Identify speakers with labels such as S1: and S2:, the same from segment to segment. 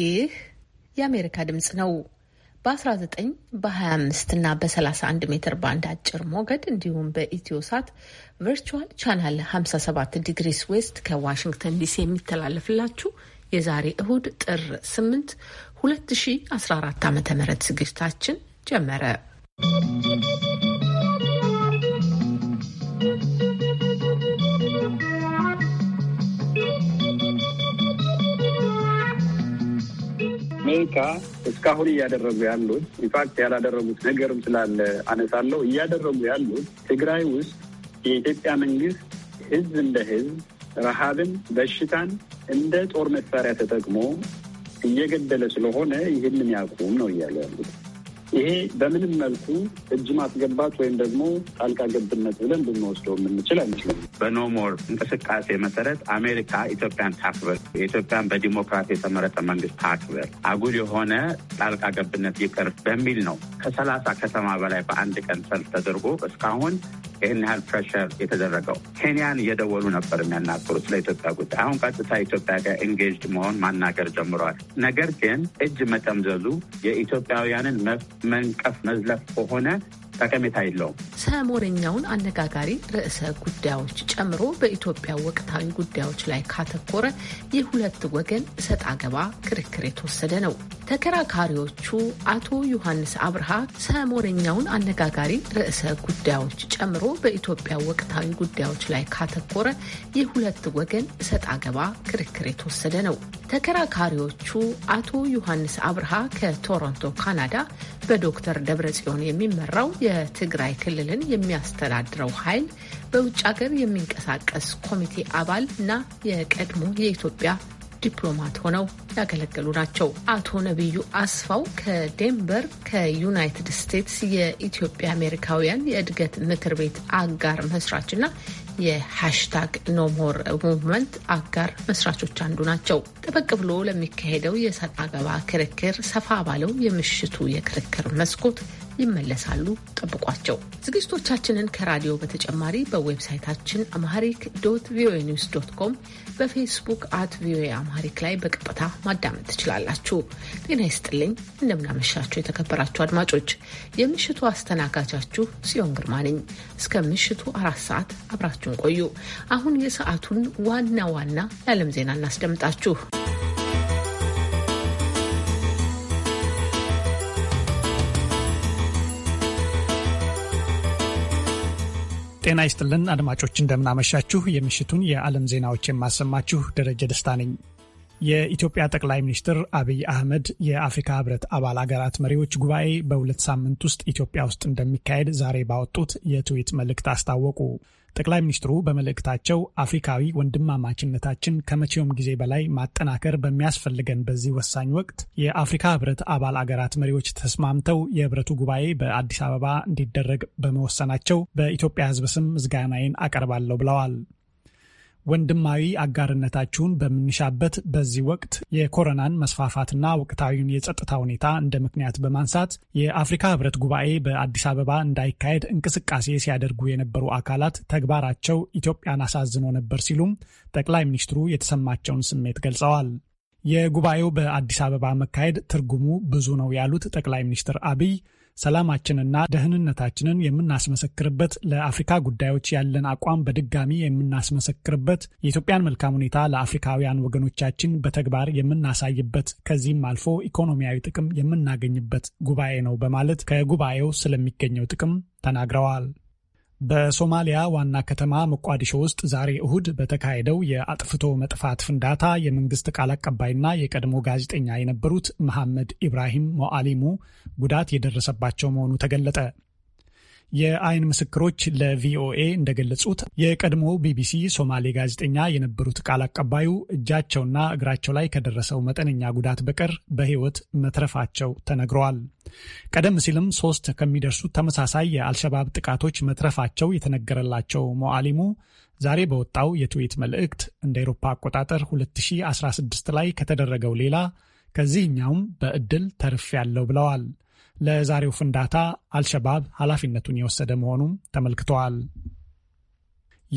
S1: ይህ የአሜሪካ ድምፅ ነው። በ19 በ25 እና በ31 ሜትር ባንድ አጭር ሞገድ እንዲሁም በኢትዮ ሳት ቨርቹዋል ቻናል 57 ዲግሪስ ዌስት ከዋሽንግተን ዲሲ የሚተላለፍላችሁ የዛሬ እሁድ ጥር 8 2014 ዓ ም ዝግጅታችን ጀመረ።
S2: አሜሪካ እስካሁን እያደረጉ ያሉት ኢንፋክት ያላደረጉት ነገርም ስላለ አነሳለሁ። እያደረጉ ያሉት ትግራይ ውስጥ የኢትዮጵያ መንግስት ህዝብ እንደ ህዝብ ረሃብን፣ በሽታን እንደ ጦር መሳሪያ ተጠቅሞ እየገደለ ስለሆነ ይህንን ያቁም ነው እያሉ ያሉት። ይሄ በምንም መልኩ እጅ ማስገባት ወይም ደግሞ ጣልቃ ገብነት ብለን ብንወስደው የምንችል አይመስለኝም። በኖሞር እንቅስቃሴ መሰረት አሜሪካ ኢትዮጵያን ታክበር፣ የኢትዮጵያን በዲሞክራሲ የተመረጠ መንግስት ታክበር፣ አጉል የሆነ ጣልቃ ገብነት ይቅር በሚል ነው ከሰላሳ ከተማ በላይ በአንድ ቀን ሰልፍ ተደርጎ እስካሁን ይህን ያህል ፕሬሸር የተደረገው። ኬንያን እየደወሉ ነበር የሚያናገሩት ስለ ኢትዮጵያ ጉዳይ። አሁን ቀጥታ ኢትዮጵያ ጋር ኤንጌጅድ መሆን ማናገር ጀምረዋል። ነገር ግን እጅ መጠምዘዙ የኢትዮጵያውያንን መብት መንቀፍ መዝለፍ ከሆነ ጠቀሜታ የለውም።
S1: ሰሞነኛውን አነጋጋሪ ርዕሰ ጉዳዮች ጨምሮ በኢትዮጵያ ወቅታዊ ጉዳዮች ላይ ካተኮረ የሁለት ወገን እሰጥ አገባ ክርክር የተወሰደ ነው። ተከራካሪዎቹ አቶ ዮሐንስ አብርሃ ሰሞነኛውን አነጋጋሪ ርዕሰ ጉዳዮች ጨምሮ በኢትዮጵያ ወቅታዊ ጉዳዮች ላይ ካተኮረ የሁለት ወገን እሰጥ አገባ ክርክር የተወሰደ ነው። ተከራካሪዎቹ አቶ ዮሐንስ አብርሃ ከቶሮንቶ ካናዳ በዶክተር ደብረጽዮን የሚመራው የትግራይ ክልልን የሚያስተዳድረው ኃይል በውጭ ሀገር የሚንቀሳቀስ ኮሚቴ አባል እና የቀድሞ የኢትዮጵያ ዲፕሎማት ሆነው ያገለገሉ ናቸው። አቶ ነቢዩ አስፋው ከዴንቨር ከዩናይትድ ስቴትስ የኢትዮጵያ አሜሪካውያን የእድገት ምክር ቤት አጋር መስራችና የሃሽታግ ኖሞር ሙቭመንት አጋር መስራቾች አንዱ ናቸው። ጠበቅ ብሎ ለሚካሄደው የሰጥ አገባ ክርክር ሰፋ ባለው የምሽቱ የክርክር መስኮት ይመለሳሉ። ጠብቋቸው። ዝግጅቶቻችንን ከራዲዮ በተጨማሪ በዌብሳይታችን አማሪክ ዶት ቪኦኤ ኒውስ ዶት ኮም፣ በፌስቡክ አት ቪኦኤ አማሪክ ላይ በቀጥታ ማዳመጥ ትችላላችሁ። ጤና ይስጥልኝ። እንደምናመሻችሁ የተከበራችሁ አድማጮች፣ የምሽቱ አስተናጋጃችሁ ጽዮን ግርማ ነኝ። እስከ ምሽቱ አራት ሰዓት አብራችሁን ቆዩ። አሁን የሰዓቱን ዋና ዋና የዓለም ዜና እናስደምጣችሁ።
S3: ጤና ይስጥልን አድማጮች፣ እንደምናመሻችሁ። የምሽቱን የዓለም ዜናዎች የማሰማችሁ ደረጀ ደስታ ነኝ። የኢትዮጵያ ጠቅላይ ሚኒስትር አብይ አህመድ የአፍሪካ ህብረት አባል አገራት መሪዎች ጉባኤ በሁለት ሳምንት ውስጥ ኢትዮጵያ ውስጥ እንደሚካሄድ ዛሬ ባወጡት የትዊት መልእክት አስታወቁ። ጠቅላይ ሚኒስትሩ በመልእክታቸው አፍሪካዊ ወንድማማችነታችን ከመቼውም ጊዜ በላይ ማጠናከር በሚያስፈልገን በዚህ ወሳኝ ወቅት የአፍሪካ ህብረት አባል አገራት መሪዎች ተስማምተው የህብረቱ ጉባኤ በአዲስ አበባ እንዲደረግ በመወሰናቸው በኢትዮጵያ ህዝብ ስም ምስጋናዬን አቀርባለሁ ብለዋል። ወንድማዊ አጋርነታችሁን በምንሻበት በዚህ ወቅት የኮሮናን መስፋፋትና ወቅታዊውን የጸጥታ ሁኔታ እንደ ምክንያት በማንሳት የአፍሪካ ህብረት ጉባኤ በአዲስ አበባ እንዳይካሄድ እንቅስቃሴ ሲያደርጉ የነበሩ አካላት ተግባራቸው ኢትዮጵያን አሳዝኖ ነበር ሲሉም ጠቅላይ ሚኒስትሩ የተሰማቸውን ስሜት ገልጸዋል። የጉባኤው በአዲስ አበባ መካሄድ ትርጉሙ ብዙ ነው ያሉት ጠቅላይ ሚኒስትር አብይ ሰላማችንና ደህንነታችንን የምናስመሰክርበት፣ ለአፍሪካ ጉዳዮች ያለን አቋም በድጋሚ የምናስመሰክርበት፣ የኢትዮጵያን መልካም ሁኔታ ለአፍሪካውያን ወገኖቻችን በተግባር የምናሳይበት፣ ከዚህም አልፎ ኢኮኖሚያዊ ጥቅም የምናገኝበት ጉባኤ ነው በማለት ከጉባኤው ስለሚገኘው ጥቅም ተናግረዋል። በሶማሊያ ዋና ከተማ ሞቃዲሾ ውስጥ ዛሬ እሁድ በተካሄደው የአጥፍቶ መጥፋት ፍንዳታ የመንግስት ቃል አቀባይና የቀድሞ ጋዜጠኛ የነበሩት መሐመድ ኢብራሂም ሞአሊሙ ጉዳት የደረሰባቸው መሆኑ ተገለጠ። የአይን ምስክሮች ለቪኦኤ እንደገለጹት የቀድሞ ቢቢሲ ሶማሌ ጋዜጠኛ የነበሩት ቃል አቀባዩ እጃቸውና እግራቸው ላይ ከደረሰው መጠነኛ ጉዳት በቀር በሕይወት መትረፋቸው ተነግረዋል። ቀደም ሲልም ሶስት ከሚደርሱት ተመሳሳይ የአልሸባብ ጥቃቶች መትረፋቸው የተነገረላቸው ሞዓሊሙ ዛሬ በወጣው የትዊት መልእክት እንደ ኤሮፓ አቆጣጠር 2016 ላይ ከተደረገው ሌላ ከዚህኛውም በእድል ተርፍ ያለው ብለዋል። ለዛሬው ፍንዳታ አልሸባብ ኃላፊነቱን የወሰደ መሆኑም ተመልክተዋል።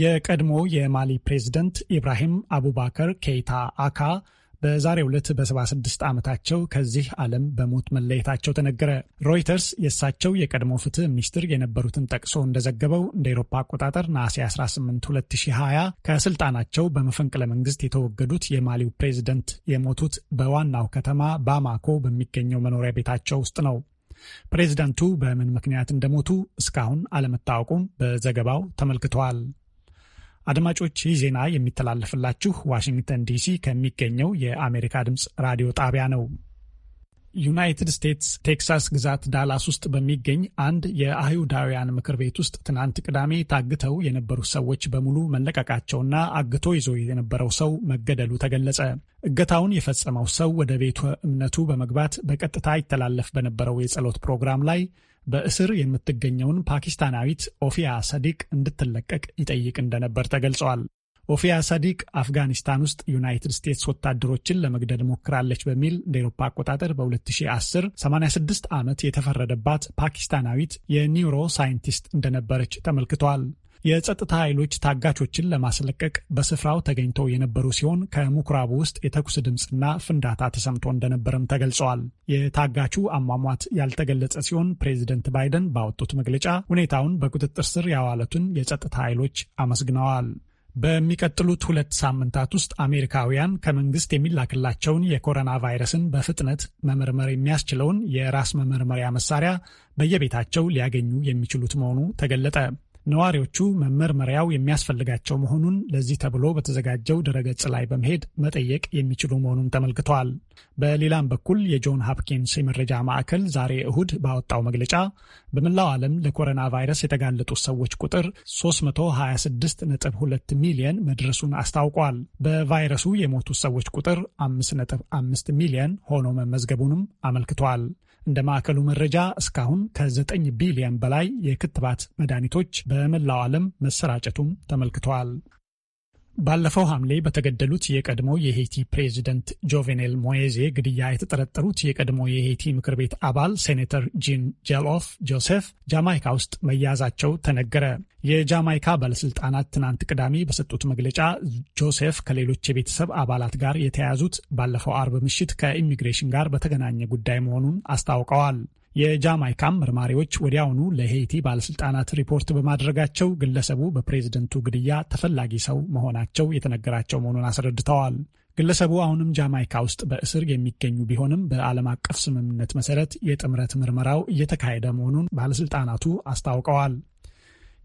S3: የቀድሞ የማሊ ፕሬዝደንት ኢብራሂም አቡባከር ኬይታ አካ በዛሬው ዕለት በ76 ዓመታቸው ከዚህ ዓለም በሞት መለየታቸው ተነገረ። ሮይተርስ የእሳቸው የቀድሞ ፍትህ ሚኒስትር የነበሩትን ጠቅሶ እንደዘገበው እንደ ኤሮፓ አቆጣጠር ነሐሴ 18 2020 ከስልጣናቸው በመፈንቅለ መንግስት የተወገዱት የማሊው ፕሬዝደንት የሞቱት በዋናው ከተማ ባማኮ በሚገኘው መኖሪያ ቤታቸው ውስጥ ነው። ፕሬዚዳንቱ በምን ምክንያት እንደሞቱ እስካሁን አለመታወቁም በዘገባው ተመልክተዋል። አድማጮች ይህ ዜና የሚተላለፍላችሁ ዋሽንግተን ዲሲ ከሚገኘው የአሜሪካ ድምፅ ራዲዮ ጣቢያ ነው። ዩናይትድ ስቴትስ ቴክሳስ ግዛት ዳላስ ውስጥ በሚገኝ አንድ የአይሁዳውያን ምክር ቤት ውስጥ ትናንት ቅዳሜ ታግተው የነበሩ ሰዎች በሙሉ መለቀቃቸውና አግቶ ይዞ የነበረው ሰው መገደሉ ተገለጸ። እገታውን የፈጸመው ሰው ወደ ቤቱ እምነቱ በመግባት በቀጥታ ይተላለፍ በነበረው የጸሎት ፕሮግራም ላይ በእስር የምትገኘውን ፓኪስታናዊት ኦፊያ ሰዲቅ እንድትለቀቅ ይጠይቅ እንደነበር ተገልጸዋል። ኦፊያ ሳዲቅ አፍጋኒስታን ውስጥ ዩናይትድ ስቴትስ ወታደሮችን ለመግደል ሞክራለች በሚል እንደ ኤሮፓ አቆጣጠር በ2010 86 ዓመት የተፈረደባት ፓኪስታናዊት የኒውሮ ሳይንቲስት እንደነበረች ተመልክቷል። የጸጥታ ኃይሎች ታጋቾችን ለማስለቀቅ በስፍራው ተገኝተው የነበሩ ሲሆን ከምኩራቡ ውስጥ የተኩስ ድምፅና ፍንዳታ ተሰምቶ እንደነበረም ተገልጸዋል። የታጋቹ አሟሟት ያልተገለጸ ሲሆን ፕሬዚደንት ባይደን ባወጡት መግለጫ ሁኔታውን በቁጥጥር ስር ያዋለቱን የጸጥታ ኃይሎች አመስግነዋል። በሚቀጥሉት ሁለት ሳምንታት ውስጥ አሜሪካውያን ከመንግስት የሚላክላቸውን የኮሮና ቫይረስን በፍጥነት መመርመር የሚያስችለውን የራስ መመርመሪያ መሳሪያ በየቤታቸው ሊያገኙ የሚችሉት መሆኑ ተገለጠ። ነዋሪዎቹ መመርመሪያው የሚያስፈልጋቸው መሆኑን ለዚህ ተብሎ በተዘጋጀው ድረገጽ ላይ በመሄድ መጠየቅ የሚችሉ መሆኑን ተመልክተዋል። በሌላም በኩል የጆን ሀፕኪንስ የመረጃ ማዕከል ዛሬ እሁድ ባወጣው መግለጫ በመላው ዓለም ለኮሮና ቫይረስ የተጋለጡ ሰዎች ቁጥር 326.2 ሚሊየን መድረሱን አስታውቋል። በቫይረሱ የሞቱ ሰዎች ቁጥር 5.5 ሚሊየን ሆኖ መመዝገቡንም አመልክቷል። እንደ ማዕከሉ መረጃ እስካሁን ከ9 ቢሊዮን በላይ የክትባት መድኃኒቶች በመላው ዓለም መሰራጨቱም ተመልክተዋል። ባለፈው ሐምሌ በተገደሉት የቀድሞ የሄቲ ፕሬዚደንት ጆቬኔል ሞዬዜ ግድያ የተጠረጠሩት የቀድሞ የሄቲ ምክር ቤት አባል ሴኔተር ጂን ጀሎፍ ጆሴፍ ጃማይካ ውስጥ መያዛቸው ተነገረ። የጃማይካ ባለስልጣናት ትናንት ቅዳሜ በሰጡት መግለጫ ጆሴፍ ከሌሎች የቤተሰብ አባላት ጋር የተያያዙት ባለፈው አርብ ምሽት ከኢሚግሬሽን ጋር በተገናኘ ጉዳይ መሆኑን አስታውቀዋል። የጃማይካ መርማሪዎች ወዲያውኑ ለሄይቲ ባለስልጣናት ሪፖርት በማድረጋቸው ግለሰቡ በፕሬዝደንቱ ግድያ ተፈላጊ ሰው መሆናቸው የተነገራቸው መሆኑን አስረድተዋል። ግለሰቡ አሁንም ጃማይካ ውስጥ በእስር የሚገኙ ቢሆንም በዓለም አቀፍ ስምምነት መሰረት የጥምረት ምርመራው እየተካሄደ መሆኑን ባለስልጣናቱ አስታውቀዋል።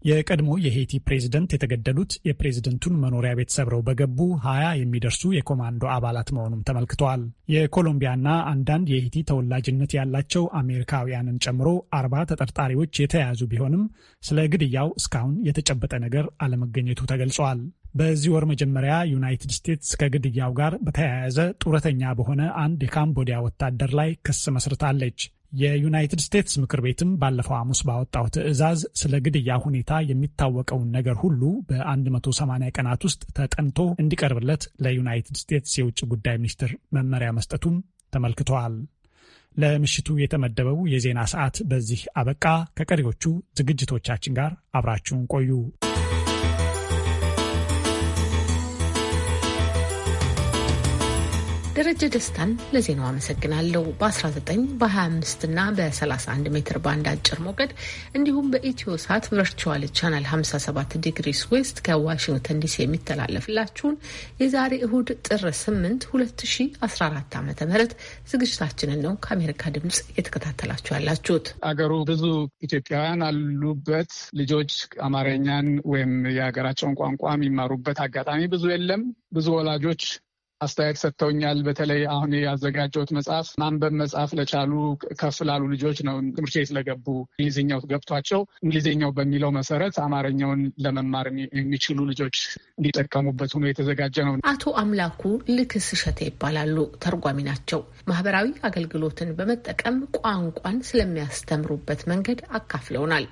S3: የቀድሞ የሄቲ ፕሬዝደንት የተገደሉት የፕሬዝደንቱን መኖሪያ ቤት ሰብረው በገቡ ሀያ የሚደርሱ የኮማንዶ አባላት መሆኑም ተመልክተዋል። የኮሎምቢያና አንዳንድ የሄቲ ተወላጅነት ያላቸው አሜሪካውያንን ጨምሮ አርባ ተጠርጣሪዎች የተያያዙ ቢሆንም ስለ ግድያው እስካሁን የተጨበጠ ነገር አለመገኘቱ ተገልጿል። በዚህ ወር መጀመሪያ ዩናይትድ ስቴትስ ከግድያው ጋር በተያያዘ ጡረተኛ በሆነ አንድ የካምቦዲያ ወታደር ላይ ክስ መስርታለች። የዩናይትድ ስቴትስ ምክር ቤትም ባለፈው ሐሙስ ባወጣው ትዕዛዝ ስለ ግድያ ሁኔታ የሚታወቀውን ነገር ሁሉ በ180 ቀናት ውስጥ ተጠንቶ እንዲቀርብለት ለዩናይትድ ስቴትስ የውጭ ጉዳይ ሚኒስትር መመሪያ መስጠቱም ተመልክተዋል። ለምሽቱ የተመደበው የዜና ሰዓት በዚህ አበቃ። ከቀሪዎቹ ዝግጅቶቻችን ጋር አብራችሁን ቆዩ።
S1: ደረጀ ደስታን ለዜናው አመሰግናለሁ። በ19 በ25 እና በ31 ሜትር ባንድ አጭር ሞገድ እንዲሁም በኢትዮ ሳት ቨርቹዋል ቻናል 57 ዲግሪስ ዌስት ከዋሽንግተን ዲሲ የሚተላለፍላችሁን የዛሬ እሁድ ጥር 8 2014 ዓ ም ዝግጅታችንን ነው ከአሜሪካ ድምፅ እየተከታተላችሁ ያላችሁት። አገሩ ብዙ
S4: ኢትዮጵያውያን አሉበት። ልጆች አማርኛን ወይም የሀገራቸውን ቋንቋ የሚማሩበት አጋጣሚ ብዙ የለም። ብዙ ወላጆች አስተያየት ሰጥተውኛል። በተለይ አሁን ያዘጋጀሁት መጽሐፍ ማንበብ መጽሐፍ ለቻሉ ከፍ ላሉ ልጆች ነው። ትምህርት ቤት ለገቡ እንግሊዝኛው ገብቷቸው እንግሊዝኛው በሚለው መሰረት አማርኛውን ለመማር የሚችሉ ልጆች እንዲጠቀሙበት ሆኖ የተዘጋጀ ነው።
S1: አቶ አምላኩ ልክስ እሸቴ ይባላሉ። ተርጓሚ ናቸው። ማህበራዊ አገልግሎትን በመጠቀም ቋንቋን ስለሚያስተምሩበት መንገድ አካፍለውናል።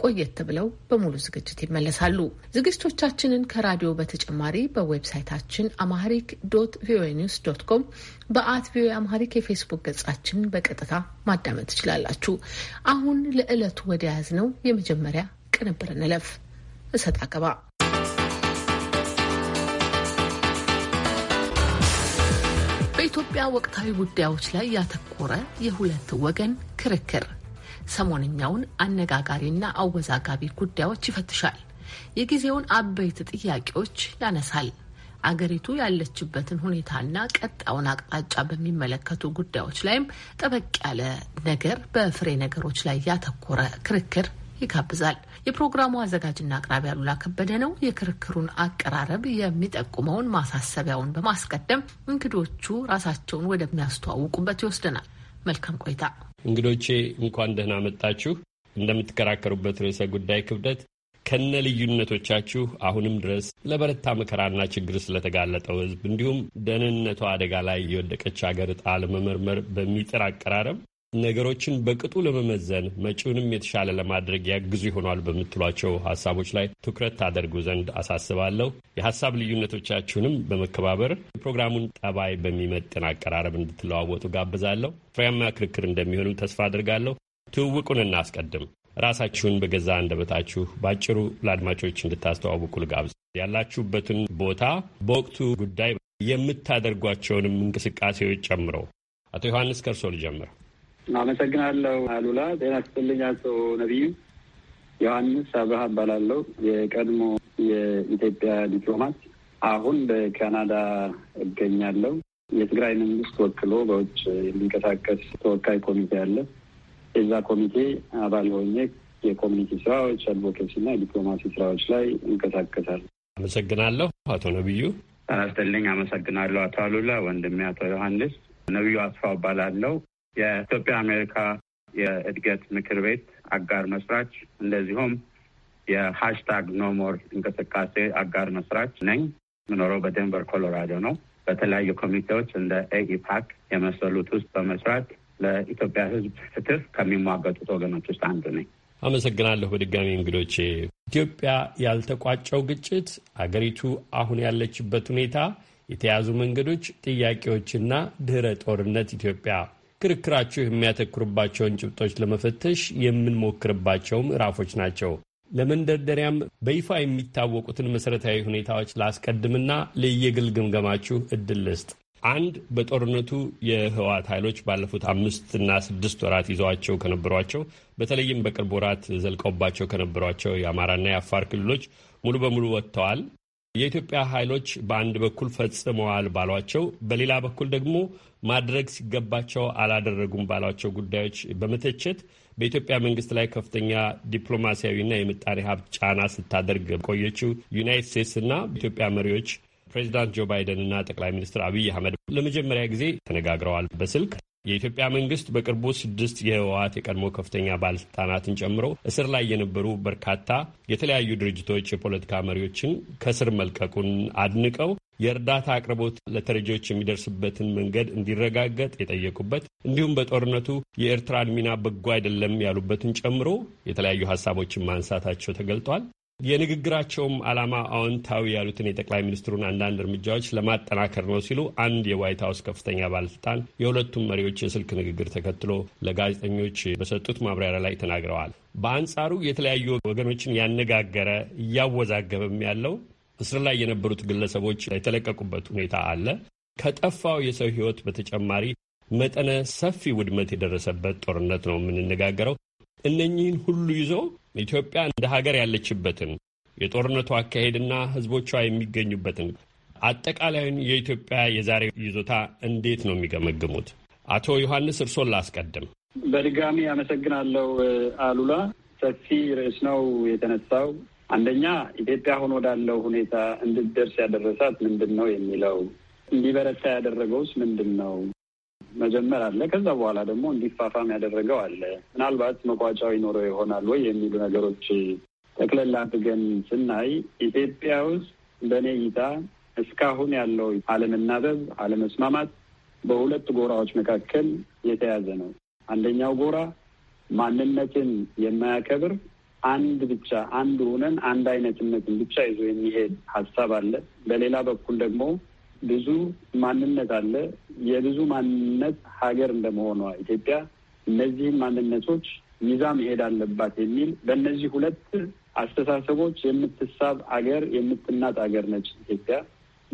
S1: ቆየት ብለው በሙሉ ዝግጅት ይመለሳሉ። ዝግጅቶቻችንን ከራዲዮ በተጨማሪ በዌብሳይታችን አማሪክ ዶት ቪኦኤ ኒውስ ዶት ኮም፣ በአት ቪኦኤ አማሪክ የፌስቡክ ገጻችን በቀጥታ ማዳመጥ ትችላላችሁ። አሁን ለዕለቱ ወደ ያዝ ነው የመጀመሪያ ቅንብር እንለፍ። እሰጥ አገባ በኢትዮጵያ ወቅታዊ ጉዳዮች ላይ ያተኮረ የሁለት ወገን ክርክር ሰሞንኛውን አነጋጋሪና አወዛጋቢ ጉዳዮች ይፈትሻል። የጊዜውን አበይት ጥያቄዎች ያነሳል። አገሪቱ ያለችበትን ሁኔታና ቀጣውን አቅጣጫ በሚመለከቱ ጉዳዮች ላይም ጠበቅ ያለ ነገር በፍሬ ነገሮች ላይ ያተኮረ ክርክር ይጋብዛል። የፕሮግራሙ አዘጋጅና አቅራቢ አሉላ ከበደ ነው። የክርክሩን አቀራረብ የሚጠቁመውን ማሳሰቢያውን በማስቀደም እንግዶቹ ራሳቸውን ወደሚያስተዋውቁበት ይወስደናል። መልካም ቆይታ።
S5: እንግዶቼ እንኳን ደህና መጣችሁ። እንደምትከራከሩበት ርዕሰ ጉዳይ ክብደት ከነ ልዩነቶቻችሁ አሁንም ድረስ ለበረታ መከራና ችግር ስለተጋለጠው ሕዝብ እንዲሁም ደህንነቷ አደጋ ላይ የወደቀች ሀገር ጣለመመርመር ለመመርመር በሚጥር አቀራረብ ነገሮችን በቅጡ ለመመዘን መጪውንም የተሻለ ለማድረግ ያግዙ ይሆናል በምትሏቸው ሀሳቦች ላይ ትኩረት ታደርጉ ዘንድ አሳስባለሁ። የሀሳብ ልዩነቶቻችሁንም በመከባበር የፕሮግራሙን ጠባይ በሚመጥን አቀራረብ እንድትለዋወጡ ጋብዛለሁ። ፍሬያማ ክርክር እንደሚሆንም ተስፋ አድርጋለሁ። ትውውቁን እናስቀድም። ራሳችሁን በገዛ አንደበታችሁ በአጭሩ ለአድማጮች እንድታስተዋውቁ ልጋብዝ። ያላችሁበትን ቦታ፣ በወቅቱ ጉዳይ የምታደርጓቸውንም እንቅስቃሴዎች ጨምሮ። አቶ ዮሐንስ ከእርሶ ልጀምር።
S2: አመሰግናለሁ አሉላ። ጤና ይስጥልኝ አቶ ነቢዩ። ዮሐንስ አብርሃ እባላለሁ። የቀድሞ የኢትዮጵያ ዲፕሎማት፣ አሁን በካናዳ እገኛለሁ። የትግራይ መንግስት ወክሎ በውጭ የሚንቀሳቀስ ተወካይ ኮሚቴ አለ። የዛ ኮሚቴ አባል ሆኜ የኮሚኒቲ ስራዎች፣ አድቮኬሲ እና የዲፕሎማሲ ስራዎች ላይ እንቀሳቀሳል።
S5: አመሰግናለሁ
S2: አቶ ነቢዩ። ጤና ይስጥልኝ። አመሰግናለሁ አቶ አሉላ ወንድሜ አቶ ዮሐንስ። ነቢዩ አስፋው እባላለሁ የኢትዮጵያ አሜሪካ የእድገት ምክር ቤት አጋር መስራች እንደዚሁም የሀሽታግ ኖሞር እንቅስቃሴ አጋር መስራች ነኝ። ምኖረው በደንቨር ኮሎራዶ ነው። በተለያዩ ኮሚቴዎች እንደ ኤኢፓክ የመሰሉት ውስጥ በመስራት ለኢትዮጵያ ሕዝብ ፍትህ ከሚሟገጡት ወገኖች ውስጥ አንዱ ነኝ።
S5: አመሰግናለሁ። በድጋሚ እንግዶቼ፣ ኢትዮጵያ ያልተቋጨው ግጭት፣ አገሪቱ አሁን ያለችበት ሁኔታ፣ የተያዙ መንገዶች፣ ጥያቄዎችና ድህረ ጦርነት ኢትዮጵያ ክርክራችሁ የሚያተኩርባቸውን ጭብጦች ለመፈተሽ የምንሞክርባቸው ምዕራፎች ናቸው። ለመንደርደሪያም በይፋ የሚታወቁትን መሠረታዊ ሁኔታዎች ላስቀድምና ለየግል ግምገማችሁ እድል ልስጥ። አንድ በጦርነቱ የህወሓት ኃይሎች ባለፉት አምስትና ስድስት ወራት ይዘዋቸው ከነበሯቸው በተለይም በቅርብ ወራት ዘልቀውባቸው ከነበሯቸው የአማራና የአፋር ክልሎች ሙሉ በሙሉ ወጥተዋል። የኢትዮጵያ ኃይሎች በአንድ በኩል ፈጽመዋል ባሏቸው፣ በሌላ በኩል ደግሞ ማድረግ ሲገባቸው አላደረጉም ባሏቸው ጉዳዮች በመተቸት በኢትዮጵያ መንግስት ላይ ከፍተኛ ዲፕሎማሲያዊና የምጣኔ ሀብት ጫና ስታደርግ ቆየችው ዩናይት ስቴትስና ኢትዮጵያ መሪዎች ፕሬዚዳንት ጆ ባይደንና ጠቅላይ ሚኒስትር አብይ አህመድ ለመጀመሪያ ጊዜ ተነጋግረዋል በስልክ። የኢትዮጵያ መንግስት በቅርቡ ስድስት የህወሀት የቀድሞ ከፍተኛ ባለስልጣናትን ጨምሮ እስር ላይ የነበሩ በርካታ የተለያዩ ድርጅቶች የፖለቲካ መሪዎችን ከስር መልቀቁን አድንቀው የእርዳታ አቅርቦት ለተረጂዎች የሚደርስበትን መንገድ እንዲረጋገጥ የጠየቁበት እንዲሁም በጦርነቱ የኤርትራን ሚና በጎ አይደለም ያሉበትን ጨምሮ የተለያዩ ሀሳቦችን ማንሳታቸው ተገልጧል። የንግግራቸውም ዓላማ አዎንታዊ ያሉትን የጠቅላይ ሚኒስትሩን አንዳንድ እርምጃዎች ለማጠናከር ነው ሲሉ አንድ የዋይት ሀውስ ከፍተኛ ባለስልጣን የሁለቱም መሪዎች የስልክ ንግግር ተከትሎ ለጋዜጠኞች በሰጡት ማብራሪያ ላይ ተናግረዋል። በአንጻሩ የተለያዩ ወገኖችን ያነጋገረ እያወዛገበም ያለው እስር ላይ የነበሩት ግለሰቦች የተለቀቁበት ሁኔታ አለ። ከጠፋው የሰው ሕይወት በተጨማሪ መጠነ ሰፊ ውድመት የደረሰበት ጦርነት ነው የምንነጋገረው። እነኚህን ሁሉ ይዞ ኢትዮጵያ እንደ ሀገር ያለችበትን የጦርነቱ አካሄድና ህዝቦቿ የሚገኙበትን አጠቃላዩን የኢትዮጵያ የዛሬ ይዞታ እንዴት ነው የሚገመግሙት? አቶ ዮሐንስ እርሶን ላስቀድም።
S2: በድጋሚ አመሰግናለሁ አሉላ። ሰፊ ርዕስ ነው የተነሳው። አንደኛ ኢትዮጵያ አሁን ወዳለው ሁኔታ እንድትደርስ ያደረሳት ምንድን ነው የሚለው እንዲበረታ ያደረገውስ ምንድን ነው? መጀመር አለ። ከዛ በኋላ ደግሞ እንዲፋፋም ያደረገው አለ። ምናልባት መቋጫው ይኖረው ይሆናል ወይ የሚሉ ነገሮች ጠቅለል አድርገን ስናይ ኢትዮጵያ ውስጥ በእኔ እይታ እስካሁን ያለው አለመናበብ፣ አለመስማማት በሁለት ጎራዎች መካከል የተያዘ ነው። አንደኛው ጎራ ማንነትን የማያከብር አንድ ብቻ አንድ ሆነን አንድ አይነትነትን ብቻ ይዞ የሚሄድ ሀሳብ አለ። በሌላ በኩል ደግሞ ብዙ ማንነት አለ። የብዙ ማንነት ሀገር እንደመሆኗ ኢትዮጵያ እነዚህን ማንነቶች ይዛ መሄድ አለባት የሚል በእነዚህ ሁለት አስተሳሰቦች የምትሳብ አገር የምትናጥ አገር ነች ኢትዮጵያ።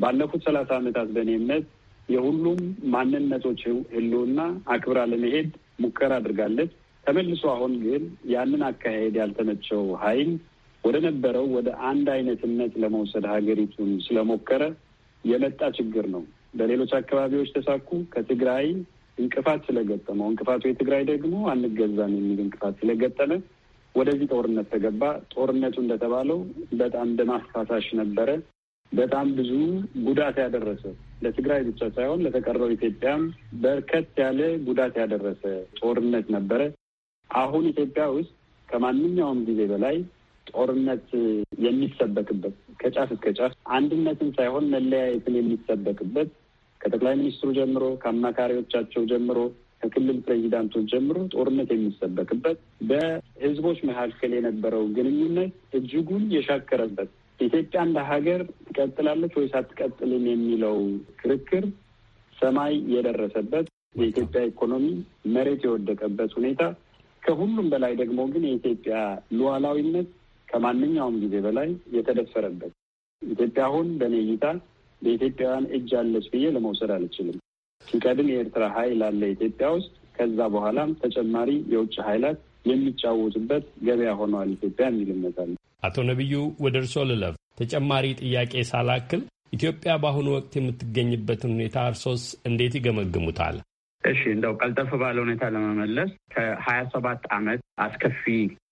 S2: ባለፉት ሰላሳ ዓመታት በእኔ እምነት የሁሉም ማንነቶች ህልውና አክብራ ለመሄድ ሙከራ አድርጋለች። ተመልሶ አሁን ግን ያንን አካሄድ ያልተመቸው ኃይል ወደ ነበረው ወደ አንድ አይነትነት ለመውሰድ ሀገሪቱን ስለሞከረ የመጣ ችግር ነው። በሌሎች አካባቢዎች ተሳኩ። ከትግራይ እንቅፋት ስለገጠመው እንቅፋቱ የትግራይ ደግሞ አንገዛም የሚል እንቅፋት ስለገጠመ ወደዚህ ጦርነት ተገባ። ጦርነቱ እንደተባለው በጣም ደም አፋሳሽ ነበረ። በጣም ብዙ ጉዳት ያደረሰ ለትግራይ ብቻ ሳይሆን ለተቀረው ኢትዮጵያም በርከት ያለ ጉዳት ያደረሰ ጦርነት ነበረ። አሁን ኢትዮጵያ ውስጥ ከማንኛውም ጊዜ በላይ ጦርነት የሚሰበክበት ከጫፍ እስከ ጫፍ አንድነትን ሳይሆን መለያየትን የሚሰበክበት ከጠቅላይ ሚኒስትሩ ጀምሮ ከአማካሪዎቻቸው ጀምሮ ከክልል ፕሬዚዳንቶች ጀምሮ ጦርነት የሚሰበክበት በህዝቦች መካከል የነበረው ግንኙነት እጅጉን የሻከረበት ኢትዮጵያ እንደ ሀገር ትቀጥላለች ወይስ አትቀጥልም የሚለው ክርክር ሰማይ የደረሰበት የኢትዮጵያ ኢኮኖሚ መሬት የወደቀበት ሁኔታ ከሁሉም በላይ ደግሞ ግን የኢትዮጵያ ሉዓላዊነት ከማንኛውም ጊዜ በላይ የተደፈረበት ኢትዮጵያ አሁን በእኔ እይታ በኢትዮጵያውያን እጅ አለች ብዬ ለመውሰድ አልችልም። ሲቀድም የኤርትራ ኃይል አለ ኢትዮጵያ ውስጥ። ከዛ በኋላም ተጨማሪ የውጭ ኃይላት የሚጫወቱበት ገበያ ሆኗል ኢትዮጵያ የሚል እምነት አለ።
S5: አቶ ነቢዩ ወደ እርሶ ልለፍ። ተጨማሪ ጥያቄ ሳላክል ኢትዮጵያ በአሁኑ ወቅት የምትገኝበትን ሁኔታ እርሶስ እንዴት ይገመግሙታል? እሺ
S2: እንደው ቀልጠፍ ባለ ሁኔታ ለመመለስ ከሀያ ሰባት አመት አስከፊ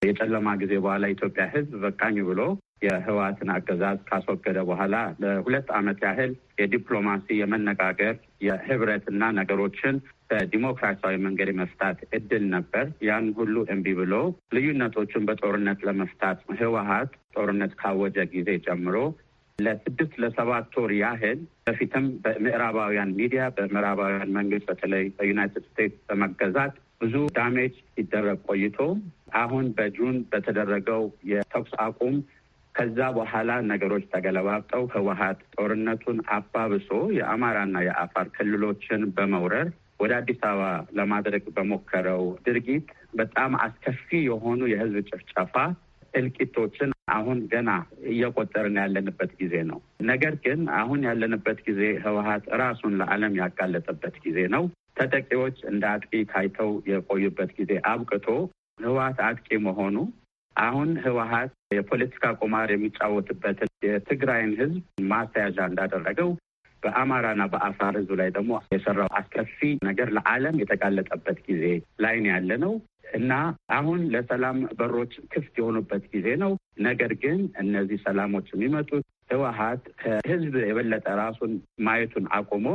S2: የጨለማ ጊዜ በኋላ የኢትዮጵያ ህዝብ በቃኝ ብሎ የህወሓትን አገዛዝ ካስወገደ በኋላ ለሁለት ዓመት ያህል የዲፕሎማሲ የመነጋገር የህብረትና ነገሮችን በዲሞክራሲያዊ መንገድ የመፍታት እድል ነበር። ያን ሁሉ እምቢ ብሎ ልዩነቶችን በጦርነት ለመፍታት ህወሓት ጦርነት ካወጀ ጊዜ ጀምሮ ለስድስት ለሰባት ወር ያህል በፊትም በምዕራባውያን ሚዲያ በምዕራባውያን መንግስት በተለይ በዩናይትድ ስቴትስ በመገዛት ብዙ ዳሜጅ ሲደረግ ቆይቶ አሁን በጁን በተደረገው የተኩስ አቁም ከዛ በኋላ ነገሮች ተገለባብጠው ህወሀት ጦርነቱን አባብሶ የአማራና የአፋር ክልሎችን በመውረር ወደ አዲስ አበባ ለማድረግ በሞከረው ድርጊት በጣም አስከፊ የሆኑ የህዝብ ጭፍጨፋ እልቂቶችን አሁን ገና እየቆጠርን ያለንበት ጊዜ ነው። ነገር ግን አሁን ያለንበት ጊዜ ህወሀት ራሱን ለዓለም ያጋለጠበት ጊዜ ነው። ተጠቂዎች እንደ አጥቂ ታይተው የቆዩበት ጊዜ አብቅቶ ህወሀት አጥቂ መሆኑ አሁን ህወሀት የፖለቲካ ቁማር የሚጫወትበትን የትግራይን ህዝብ ማስተያዣ እንዳደረገው በአማራና በአፋር ህዝብ ላይ ደግሞ የሰራው አስከፊ ነገር ለዓለም የተጋለጠበት ጊዜ ላይ ነው ያለ ነው። እና አሁን ለሰላም በሮች ክፍት የሆኑበት ጊዜ ነው። ነገር ግን እነዚህ ሰላሞች የሚመጡት ህወሀት ከህዝብ የበለጠ ራሱን ማየቱን አቁሞ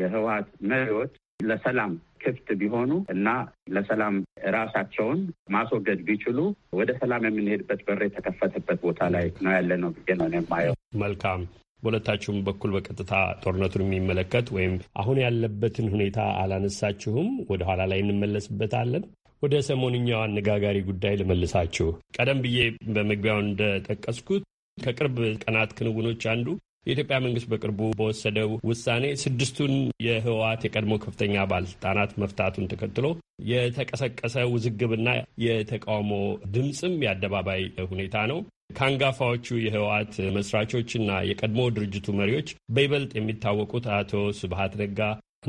S2: የህወሀት መሪዎች ለሰላም ክፍት ቢሆኑ እና ለሰላም ራሳቸውን ማስወገድ ቢችሉ ወደ ሰላም የምንሄድበት በር የተከፈተበት ቦታ ላይ ነው ያለ ነው ብዬ ነው የማየው።
S5: መልካም በሁለታችሁም በኩል በቀጥታ ጦርነቱን የሚመለከት ወይም አሁን ያለበትን ሁኔታ አላነሳችሁም፣ ወደኋላ ላይ እንመለስበታለን። ወደ ሰሞንኛው አነጋጋሪ ጉዳይ ልመልሳችሁ። ቀደም ብዬ በመግቢያው እንደጠቀስኩት ከቅርብ ቀናት ክንውኖች አንዱ የኢትዮጵያ መንግስት በቅርቡ በወሰደው ውሳኔ ስድስቱን የህወሓት የቀድሞ ከፍተኛ ባለስልጣናት መፍታቱን ተከትሎ የተቀሰቀሰ ውዝግብና የተቃውሞ ድምፅም የአደባባይ ሁኔታ ነው። ከአንጋፋዎቹ የህወሓት መስራቾችና የቀድሞ ድርጅቱ መሪዎች በይበልጥ የሚታወቁት አቶ ስብሃት ነጋ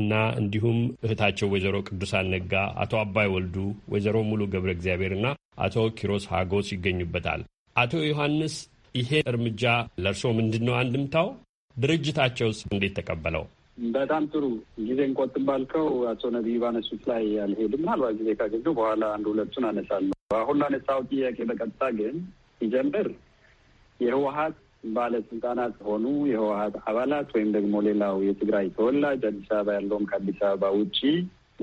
S5: እና እንዲሁም እህታቸው ወይዘሮ ቅዱሳን ነጋ፣ አቶ አባይ ወልዱ፣ ወይዘሮ ሙሉ ገብረ እግዚአብሔር እና አቶ ኪሮስ ሀጎስ ይገኙበታል። አቶ ዮሐንስ ይሄ እርምጃ ለእርስዎ ምንድን ነው አንድምታው? ድርጅታቸውስ እንዴት ተቀበለው?
S2: በጣም ጥሩ ጊዜ እንቆጥብ ባልከው አቶ ነቢይ ባነሱት ላይ አልሄድም። ምናልባት ጊዜ ካገኙ በኋላ አንድ ሁለቱን አነሳለሁ። አሁን ላነሳው ጥያቄ በቀጥታ ግን ሲጀምር የህወሀት ባለስልጣናት ሆኑ የህወሀት አባላት ወይም ደግሞ ሌላው የትግራይ ተወላጅ አዲስ አበባ ያለውም ከአዲስ አበባ ውጪ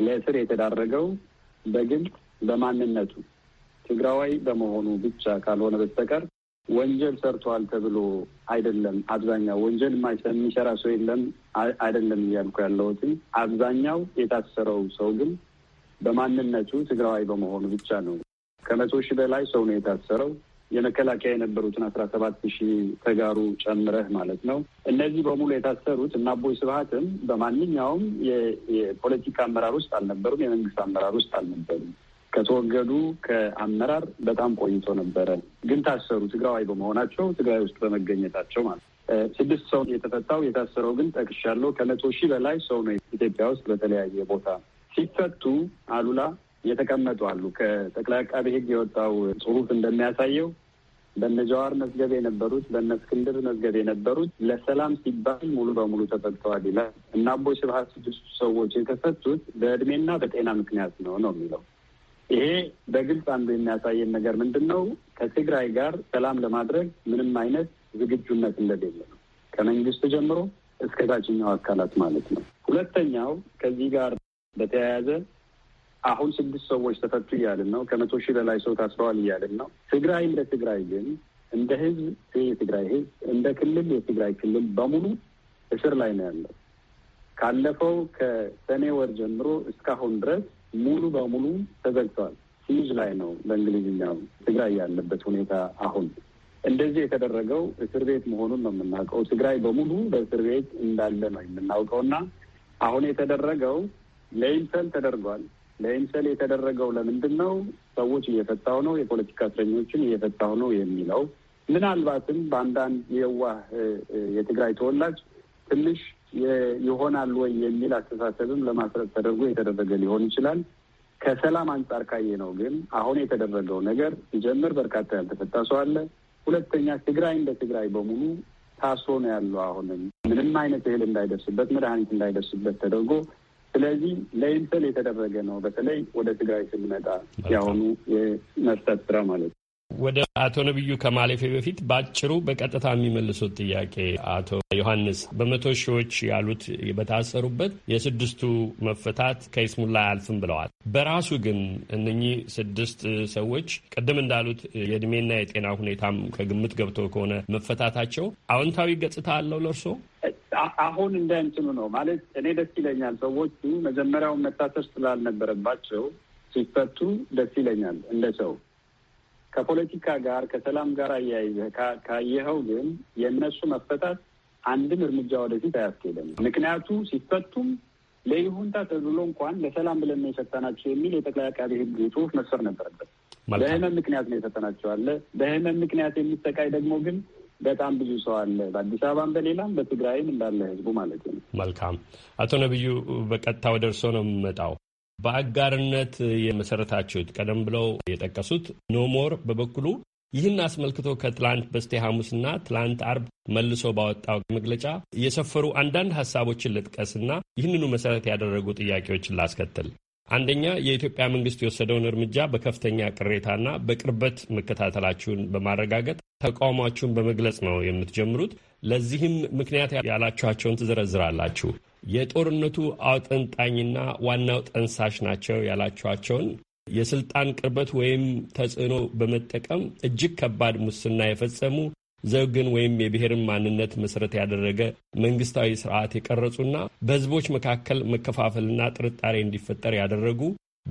S2: ለእስር የተዳረገው በግልጽ በማንነቱ ትግራዋይ በመሆኑ ብቻ ካልሆነ በስተቀር ወንጀል ሰርቷል ተብሎ አይደለም። አብዛኛው ወንጀል የሚሰራ ሰው የለም አይደለም እያልኩ ያለሁት። አብዛኛው የታሰረው ሰው ግን በማንነቱ ትግራዋይ በመሆኑ ብቻ ነው። ከመቶ ሺህ በላይ ሰው ነው የታሰረው። የመከላከያ የነበሩትን አስራ ሰባት ሺህ ተጋሩ ጨምረህ ማለት ነው። እነዚህ በሙሉ የታሰሩት እና አቦይ ስብሀትም በማንኛውም የፖለቲካ አመራር ውስጥ አልነበሩም፣ የመንግስት አመራር ውስጥ አልነበሩም። ከተወገዱ ከአመራር በጣም ቆይቶ ነበረ፣ ግን ታሰሩ። ትግራዋይ በመሆናቸው ትግራይ ውስጥ በመገኘታቸው ማለት ነው። ስድስት ሰው የተፈታው የታሰረው ግን ጠቅሻለሁ፣ ከመቶ ሺህ በላይ ሰው ነው ኢትዮጵያ ውስጥ በተለያየ ቦታ ሲፈቱ አሉላ የተቀመጡ አሉ። ከጠቅላይ አቃቤ ሕግ የወጣው ጽሁፍ እንደሚያሳየው በነ ጀዋር መዝገብ የነበሩት በነ እስክንድር መዝገብ የነበሩት ለሰላም ሲባል ሙሉ በሙሉ ተፈተዋል ይላል እና አቦ ስብሀት ስድስቱ ሰዎች የተፈቱት በእድሜና በጤና ምክንያት ነው ነው የሚለው ይሄ በግልጽ አንዱ የሚያሳየን ነገር ምንድን ነው? ከትግራይ ጋር ሰላም ለማድረግ ምንም አይነት ዝግጁነት እንደሌለ ነው ከመንግስቱ ጀምሮ እስከ ታችኛው አካላት ማለት ነው። ሁለተኛው ከዚህ ጋር በተያያዘ አሁን ስድስት ሰዎች ተፈቱ እያልን ነው። ከመቶ ሺህ በላይ ሰው ታስረዋል እያልን ነው። ትግራይ እንደ ትግራይ ግን እንደ ህዝብ የትግራይ ህዝብ እንደ ክልል የትግራይ ክልል በሙሉ እስር ላይ ነው ያለው። ካለፈው ከሰኔ ወር ጀምሮ እስካሁን ድረስ ሙሉ በሙሉ ተዘግቷል። ሲዝ ላይ ነው በእንግሊዝኛው ትግራይ ያለበት ሁኔታ አሁን እንደዚህ የተደረገው እስር ቤት መሆኑን ነው የምናውቀው። ትግራይ በሙሉ በእስር ቤት እንዳለ ነው የምናውቀው እና አሁን የተደረገው ለይምሰል ተደርጓል። ለኢንሰል የተደረገው ለምንድን ነው? ሰዎች እየፈታው ነው፣ የፖለቲካ እስረኞችን እየፈታው ነው የሚለው ምናልባትም በአንዳንድ የዋህ የትግራይ ተወላጅ ትንሽ ይሆናል ወይ የሚል አስተሳሰብም ለማስረት ተደርጎ የተደረገ ሊሆን ይችላል። ከሰላም አንጻር ካየ ነው ግን አሁን የተደረገው ነገር ሲጀምር በርካታ ያልተፈታ ሰው አለ። ሁለተኛ ትግራይ እንደ ትግራይ በሙሉ ታስሮ ነው ያለው። አሁንም ምንም አይነት እህል እንዳይደርስበት፣ መድኃኒት እንዳይደርስበት ተደርጎ ስለዚህ ለኢንተል የተደረገ ነው። በተለይ ወደ ትግራይ ስንመጣ የአሁኑ የመርሰት ስራ ማለት ነው።
S5: ወደ አቶ ነቢዩ ከማለፌ በፊት በአጭሩ በቀጥታ የሚመልሱት ጥያቄ አቶ ዮሐንስ በመቶ ሺዎች ያሉት በታሰሩበት የስድስቱ መፈታት ከይስሙላ አያልፍም ብለዋል። በራሱ ግን እነኚህ ስድስት ሰዎች ቅድም እንዳሉት የእድሜና የጤና ሁኔታም ከግምት ገብቶ ከሆነ መፈታታቸው አዎንታዊ ገጽታ አለው ለእርሶ?
S2: አሁን እንደ እንትኑ ነው ማለት እኔ ደስ ይለኛል። ሰዎቹ መጀመሪያውን መታሰር ስላልነበረባቸው ሲፈቱ ደስ ይለኛል እንደ ሰው ከፖለቲካ ጋር ከሰላም ጋር አያይዘህ ካየኸው ግን የእነሱ መፈታት አንድም እርምጃ ወደፊት አያስኬድም። ምክንያቱ ሲፈቱም ለይሁንታ ተብሎ እንኳን ለሰላም ብለን ነው የፈታናቸው የሚል የጠቅላይ አቃቤ ሕግ ጽሁፍ መስፈር ነበረበት። በህመም ምክንያት ነው የፈታናቸው አለ። በህመም ምክንያት የሚሰቃይ ደግሞ ግን በጣም ብዙ ሰው አለ፣ በአዲስ አበባም በሌላም በትግራይም እንዳለ ህዝቡ ማለት ነው።
S5: መልካም አቶ ነቢዩ፣ በቀጥታ ወደ እርስዎ ነው የምመጣው። በአጋርነት የመሰረታችሁት ቀደም ብለው የጠቀሱት ኖሞር በበኩሉ ይህን አስመልክቶ ከትላንት በስቴ ሐሙስና ትላንት አርብ መልሶ ባወጣው መግለጫ የሰፈሩ አንዳንድ ሀሳቦችን ልጥቀስና ይህንኑ መሰረት ያደረጉ ጥያቄዎችን ላስከትል። አንደኛ የኢትዮጵያ መንግስት የወሰደውን እርምጃ በከፍተኛ ቅሬታና በቅርበት መከታተላችሁን በማረጋገጥ ተቃውሟችሁን በመግለጽ ነው የምትጀምሩት። ለዚህም ምክንያት ያላችኋቸውን ትዘረዝራላችሁ። የጦርነቱ አውጠንጣኝና ዋናው ጠንሳሽ ናቸው ያላቸዋቸውን የስልጣን ቅርበት ወይም ተጽዕኖ በመጠቀም እጅግ ከባድ ሙስና የፈጸሙ ዘውግን ወይም የብሔርን ማንነት መሰረት ያደረገ መንግስታዊ ስርዓት የቀረጹና በህዝቦች መካከል መከፋፈልና ጥርጣሬ እንዲፈጠር ያደረጉ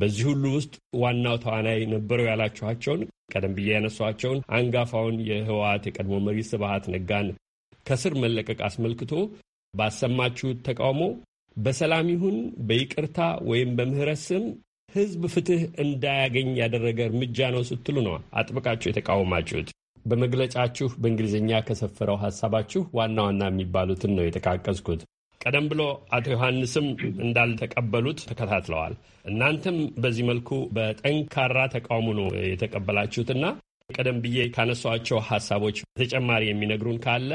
S5: በዚህ ሁሉ ውስጥ ዋናው ተዋናይ ነበረው ያላችኋቸውን ቀደም ብዬ ያነሷቸውን አንጋፋውን የህወሓት የቀድሞ መሪ ስብሃት ነጋን ከስር መለቀቅ አስመልክቶ ባሰማችሁት ተቃውሞ በሰላም ይሁን በይቅርታ ወይም በምህረት ስም ህዝብ ፍትህ እንዳያገኝ ያደረገ እርምጃ ነው ስትሉ ነው አጥብቃችሁ የተቃወማችሁት። በመግለጫችሁ በእንግሊዝኛ ከሰፈረው ሀሳባችሁ ዋና ዋና የሚባሉትን ነው የተቃቀዝኩት። ቀደም ብሎ አቶ ዮሐንስም እንዳልተቀበሉት ተከታትለዋል። እናንተም በዚህ መልኩ በጠንካራ ተቃውሞ ነው የተቀበላችሁትና ቀደም ብዬ ካነሷቸው ሀሳቦች ተጨማሪ የሚነግሩን ካለ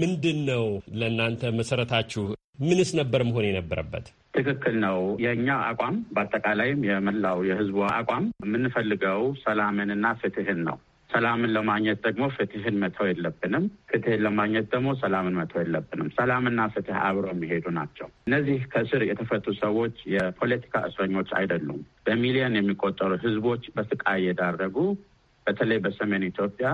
S5: ምንድን ነው ለእናንተ መሰረታችሁ? ምንስ ነበር መሆን የነበረበት?
S2: ትክክል ነው። የእኛ አቋም በአጠቃላይም የመላው የህዝቡ አቋም የምንፈልገው ሰላምንና ፍትህን ነው። ሰላምን ለማግኘት ደግሞ ፍትህን መተው የለብንም። ፍትህን ለማግኘት ደግሞ ሰላምን መተው የለብንም። ሰላምና ፍትህ አብረው የሚሄዱ ናቸው። እነዚህ ከስር የተፈቱ ሰዎች የፖለቲካ እስረኞች አይደሉም። በሚሊዮን የሚቆጠሩ ህዝቦች በስቃይ የዳረጉ በተለይ በሰሜን ኢትዮጵያ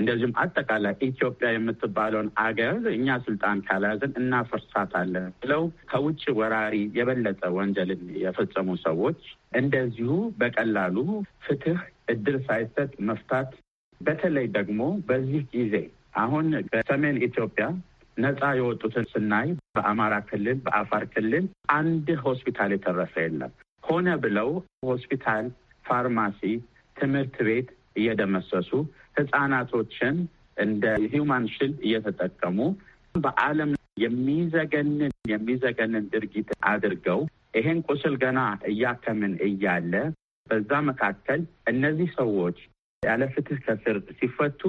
S2: እንደዚሁም አጠቃላይ ኢትዮጵያ የምትባለውን አገር እኛ ስልጣን ካልያዝን እናፈርሳታለን ብለው ከውጭ ወራሪ የበለጠ ወንጀልን የፈጸሙ ሰዎች እንደዚሁ በቀላሉ ፍትህ እድል ሳይሰጥ መፍታት በተለይ ደግሞ በዚህ ጊዜ አሁን በሰሜን ኢትዮጵያ ነፃ የወጡትን ስናይ በአማራ ክልል፣ በአፋር ክልል አንድ ሆስፒታል የተረፈ የለም። ሆነ ብለው ሆስፒታል፣ ፋርማሲ፣ ትምህርት ቤት እየደመሰሱ ህጻናቶችን እንደ ሂውማን ሽልድ እየተጠቀሙ በዓለም የሚዘገንን የሚዘገንን ድርጊት አድርገው ይሄን ቁስል ገና እያከምን እያለ በዛ መካከል እነዚህ ሰዎች ያለ ፍትህ ከስር ሲፈቱ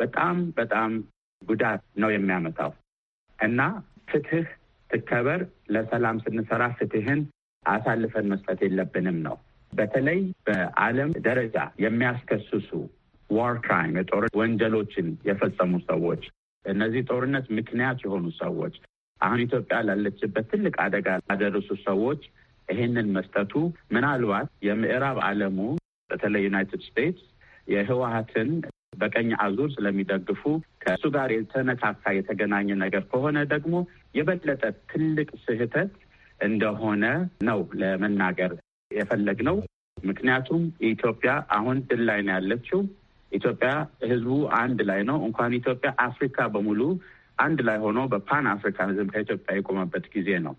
S2: በጣም በጣም ጉዳት ነው የሚያመጣው እና ፍትህ ትከበር፣ ለሰላም ስንሰራ ፍትህን አሳልፈን መስጠት የለብንም ነው በተለይ በዓለም ደረጃ የሚያስከስሱ ዋር ክራይም የጦር ወንጀሎችን የፈጸሙ ሰዎች፣ እነዚህ ጦርነት ምክንያት የሆኑ ሰዎች፣ አሁን ኢትዮጵያ ላለችበት ትልቅ አደጋ ላደረሱ ሰዎች ይሄንን መስጠቱ ምናልባት የምዕራብ ዓለሙ በተለይ ዩናይትድ ስቴትስ የህወሀትን በቀኝ አዙር ስለሚደግፉ ከእሱ ጋር የተነካካ የተገናኘ ነገር ከሆነ ደግሞ የበለጠ ትልቅ ስህተት እንደሆነ ነው ለመናገር የፈለግነው። ምክንያቱም ኢትዮጵያ አሁን ድል ላይ ነው ያለችው። ኢትዮጵያ ህዝቡ አንድ ላይ ነው። እንኳን ኢትዮጵያ አፍሪካ በሙሉ አንድ ላይ ሆኖ በፓን አፍሪካኒዝም ከኢትዮጵያ የቆመበት ጊዜ ነው።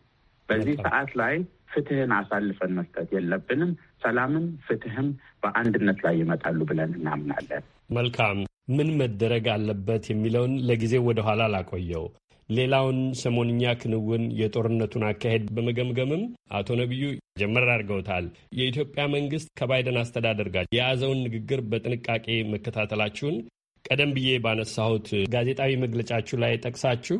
S2: በዚህ ሰዓት ላይ ፍትህን አሳልፈን መስጠት የለብንም። ሰላምን ፍትህም በአንድነት ላይ ይመጣሉ ብለን እናምናለን።
S5: መልካም ምን መደረግ አለበት የሚለውን ለጊዜ ወደኋላ ላቆየው። ሌላውን ሰሞንኛ ክንውን የጦርነቱን አካሄድ በመገምገምም አቶ ነቢዩ ጀመር አድርገውታል። የኢትዮጵያ መንግስት ከባይደን አስተዳደር ጋር የያዘውን ንግግር በጥንቃቄ መከታተላችሁን ቀደም ብዬ ባነሳሁት ጋዜጣዊ መግለጫችሁ ላይ ጠቅሳችሁ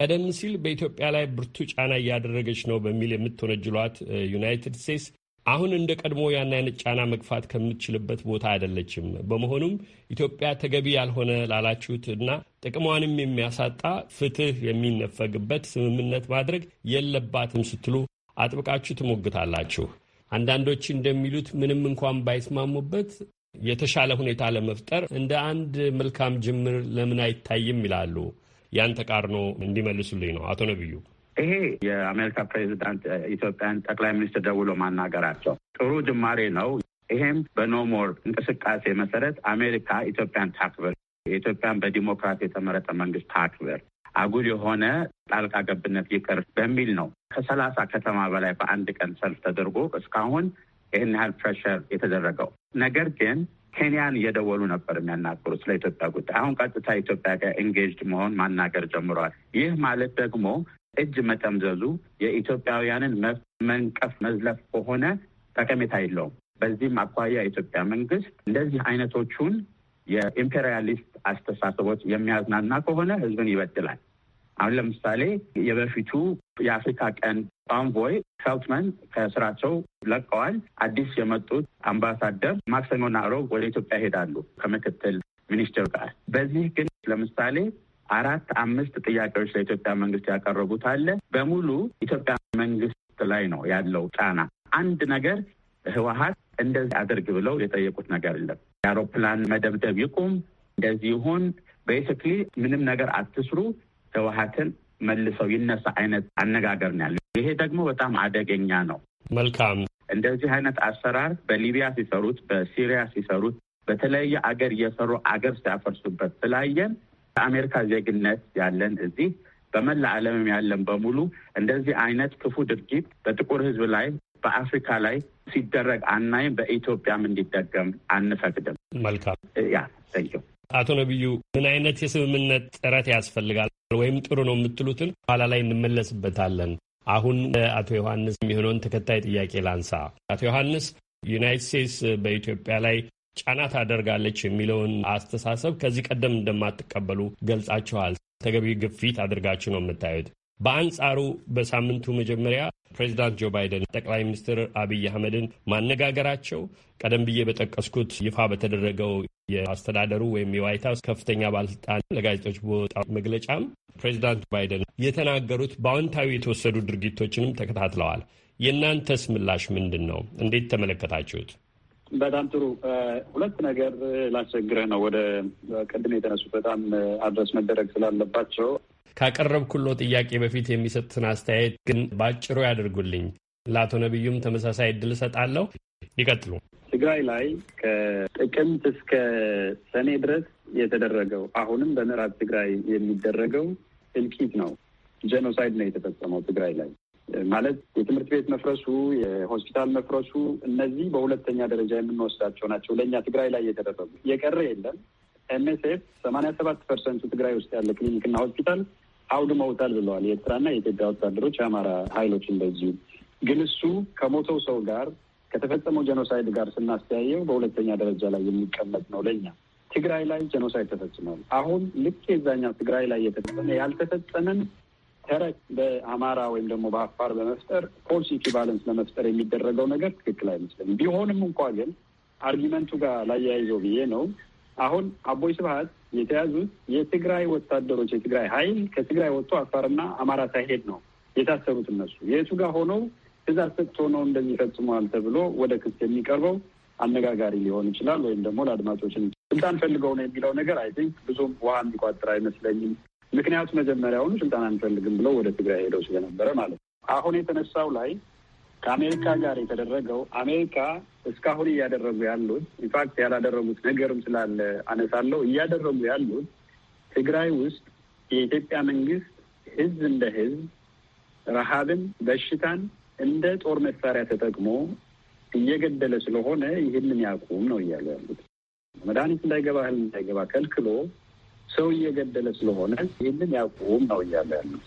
S5: ቀደም ሲል በኢትዮጵያ ላይ ብርቱ ጫና እያደረገች ነው በሚል የምትወነጅሏት ዩናይትድ ስቴትስ አሁን እንደ ቀድሞ ያን አይነት ጫና መግፋት ከምትችልበት ቦታ አይደለችም። በመሆኑም ኢትዮጵያ ተገቢ ያልሆነ ላላችሁት እና ጥቅሟንም የሚያሳጣ ፍትህ የሚነፈግበት ስምምነት ማድረግ የለባትም ስትሉ አጥብቃችሁ ትሞግታላችሁ። አንዳንዶች እንደሚሉት ምንም እንኳን ባይስማሙበት የተሻለ ሁኔታ ለመፍጠር እንደ አንድ መልካም ጅምር ለምን አይታይም ይላሉ። ያን ተቃርኖ እንዲመልሱልኝ ነው አቶ ነቢዩ።
S2: ይሄ የአሜሪካ ፕሬዚዳንት ኢትዮጵያን ጠቅላይ ሚኒስትር ደውሎ ማናገራቸው ጥሩ ጅማሬ ነው። ይሄም በኖሞር እንቅስቃሴ መሰረት አሜሪካ ኢትዮጵያን ታክብር፣ የኢትዮጵያን በዲሞክራሲ የተመረጠ መንግስት ታክብር፣ አጉል የሆነ ጣልቃ ገብነት ይቅር በሚል ነው ከሰላሳ ከተማ በላይ በአንድ ቀን ሰልፍ ተደርጎ እስካሁን ይህን ያህል ፕሬሸር የተደረገው ነገር ግን ኬንያን እየደወሉ ነበር የሚያናገሩት ስለ ኢትዮጵያ ጉዳይ። አሁን ቀጥታ ኢትዮጵያ ጋር ኤንጌጅድ መሆን ማናገር ጀምሯል። ይህ ማለት ደግሞ እጅ መጠምዘዙ የኢትዮጵያውያንን መብት መንቀፍ መዝለፍ ከሆነ ጠቀሜታ የለውም። በዚህም አኳያ የኢትዮጵያ መንግስት እንደዚህ አይነቶቹን የኢምፔሪያሊስት አስተሳሰቦች የሚያዝናና ከሆነ ህዝብን ይበድላል። አሁን ለምሳሌ የበፊቱ የአፍሪካ ቀንድ ፓንቮይ ፌልትመን ከስራቸው ለቀዋል። አዲስ የመጡት አምባሳደር ማክሰኞና ሮብ ወደ ኢትዮጵያ ይሄዳሉ ከምክትል ሚኒስትር ጋር። በዚህ ግን ለምሳሌ አራት አምስት ጥያቄዎች ለኢትዮጵያ መንግስት ያቀረቡት አለ። በሙሉ ኢትዮጵያ መንግስት ላይ ነው ያለው ጫና። አንድ ነገር ህወሀት እንደዚህ አድርግ ብለው የጠየቁት ነገር የለም። የአውሮፕላን መደብደብ ይቁም፣ እንደዚህ ይሁን፣ ቤሲክሊ ምንም ነገር አትስሩ፣ ህወሀትን መልሰው ይነሳ አይነት አነጋገር ነው ያለው። ይሄ ደግሞ በጣም አደገኛ ነው። መልካም እንደዚህ አይነት አሰራር በሊቢያ ሲሰሩት፣ በሲሪያ ሲሰሩት፣ በተለያየ አገር እየሰሩ አገር ሲያፈርሱበት ስላየን አሜሪካ ዜግነት ያለን እዚህ በመላ ዓለምም ያለን በሙሉ እንደዚህ አይነት ክፉ ድርጊት በጥቁር ሕዝብ ላይ በአፍሪካ ላይ ሲደረግ አናይም። በኢትዮጵያም እንዲደገም አንፈቅድም። መልካም ያ
S5: አቶ ነቢዩ ምን አይነት የስምምነት ጥረት ያስፈልጋል ወይም ጥሩ ነው የምትሉትን ኋላ ላይ እንመለስበታለን። አሁን አቶ ዮሐንስ የሚሆነውን ተከታይ ጥያቄ ላንሳ። አቶ ዮሐንስ ዩናይት ስቴትስ በኢትዮጵያ ላይ ጫና ታደርጋለች የሚለውን አስተሳሰብ ከዚህ ቀደም እንደማትቀበሉ ገልጻችኋል። ተገቢ ግፊት አድርጋችሁ ነው የምታዩት። በአንጻሩ በሳምንቱ መጀመሪያ ፕሬዚዳንት ጆ ባይደን ጠቅላይ ሚኒስትር አብይ አህመድን ማነጋገራቸው ቀደም ብዬ በጠቀስኩት ይፋ በተደረገው የአስተዳደሩ ወይም የዋይት ሀውስ ከፍተኛ ባለስልጣን ለጋዜጦች በወጣው መግለጫም ፕሬዚዳንት ባይደን የተናገሩት በአዎንታዊ የተወሰዱ ድርጊቶችንም ተከታትለዋል። የእናንተስ ምላሽ ምንድን ነው? እንዴት ተመለከታችሁት?
S2: በጣም ጥሩ። ሁለት ነገር ላስቸግረህ ነው። ወደ ቅድም የተነሱ በጣም አድረስ መደረግ ስላለባቸው
S5: ካቀረብኩሎ ጥያቄ በፊት የሚሰጡትን አስተያየት ግን በአጭሩ ያደርጉልኝ። ለአቶ ነቢዩም ተመሳሳይ እድል እሰጣለሁ። ይቀጥሉ።
S2: ትግራይ ላይ ከጥቅምት እስከ ሰኔ ድረስ የተደረገው አሁንም በምዕራብ ትግራይ የሚደረገው እልቂት ነው። ጄኖሳይድ ነው የተፈጸመው ትግራይ ላይ ማለት የትምህርት ቤት መፍረሱ፣ የሆስፒታል መፍረሱ እነዚህ በሁለተኛ ደረጃ የምንወስዳቸው ናቸው። ለእኛ ትግራይ ላይ የተደረጉ የቀረ የለም። ኤምኤስኤፍ ሰማንያ ሰባት ፐርሰንቱ ትግራይ ውስጥ ያለ ክሊኒክና ሆስፒታል አውድመውታል ብለዋል። የኤርትራና የኢትዮጵያ ወታደሮች፣ የአማራ ኃይሎች እንደዚሁ። ግን እሱ ከሞተው ሰው ጋር ከተፈጸመው ጀኖሳይድ ጋር ስናስተያየው በሁለተኛ ደረጃ ላይ የሚቀመጥ ነው። ለእኛ ትግራይ ላይ ጀኖሳይድ ተፈጽሟል። አሁን ልክ የዛኛ ትግራይ ላይ የተፈጸመ ያልተፈጸመን ተረት በአማራ ወይም ደግሞ በአፋር በመፍጠር ፎርስ ኢኩቫለንስ ለመፍጠር የሚደረገው ነገር ትክክል አይመስለኝም። ቢሆንም እንኳ ግን አርጊመንቱ ጋር ላያይዘው ብዬ ነው። አሁን አቦይ ስብሀት የተያዙት የትግራይ ወታደሮች የትግራይ ኃይል ከትግራይ ወጥቶ አፋርና አማራ ሳይሄድ ነው የታሰሩት። እነሱ የቱ ጋር ሆነው ትእዛዝ ሰጥቶ ነው እንደሚፈጽመዋል ተብሎ ወደ ክስ የሚቀርበው አነጋጋሪ ሊሆን ይችላል። ወይም ደግሞ ለአድማጮችን ስልጣን ፈልገው ነው የሚለው ነገር አይ ቲንክ ብዙም ውሃ የሚቋጥር አይመስለኝም። ምክንያቱ መጀመሪያውኑ ስልጣን አንፈልግም ብለው ወደ ትግራይ ሄደው ስለነበረ ማለት ነው። አሁን የተነሳው ላይ ከአሜሪካ ጋር የተደረገው አሜሪካ እስካሁን እያደረጉ ያሉት ኢንፋክት ያላደረጉት ነገርም ስላለ አነሳለሁ። እያደረጉ ያሉት ትግራይ ውስጥ የኢትዮጵያ መንግስት ህዝብ እንደ ህዝብ ረሃብን፣ በሽታን እንደ ጦር መሳሪያ ተጠቅሞ እየገደለ ስለሆነ ይህንን ያቁም ነው እያሉ ያሉት። መድኃኒት እንዳይገባ እህል እንዳይገባ ከልክሎ ሰው እየገደለ ስለሆነ ይህንን ያቁም ነው እያለ ያለው።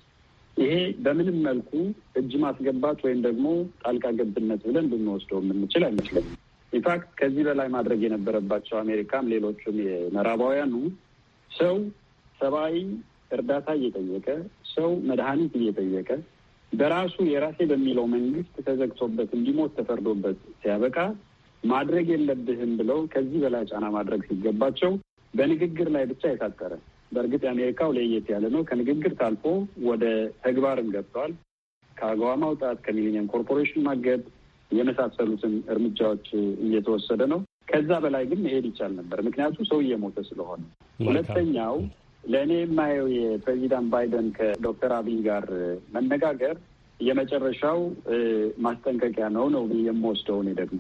S2: ይሄ በምንም መልኩ እጅ ማስገባት ወይም ደግሞ ጣልቃ ገብነት ብለን ብንወስደው የምንችል አይመስለኝም። ኢንፋክት ከዚህ በላይ ማድረግ የነበረባቸው አሜሪካም ሌሎቹም የምዕራባውያኑ ሰው ሰብአዊ እርዳታ እየጠየቀ ሰው መድኃኒት እየጠየቀ በራሱ የራሴ በሚለው መንግስት ተዘግቶበት እንዲሞት ተፈርዶበት ሲያበቃ ማድረግ የለብህም ብለው ከዚህ በላይ ጫና ማድረግ ሲገባቸው በንግግር ላይ ብቻ የታጠረ በእርግጥ የአሜሪካው ለየት ያለ ነው። ከንግግር ታልፎ ወደ ተግባርም ገብተዋል። ከአገዋ ማውጣት፣ ከሚሊኒየም ኮርፖሬሽን ማገድ የመሳሰሉትን እርምጃዎች እየተወሰደ ነው። ከዛ በላይ ግን መሄድ ይቻል ነበር፣ ምክንያቱ ሰው እየሞተ ስለሆነ። ሁለተኛው ለእኔ የማየው የፕሬዚዳንት ባይደን ከዶክተር አብይ ጋር መነጋገር የመጨረሻው ማስጠንቀቂያ ነው ነው የምወስደው እኔ ደግሞ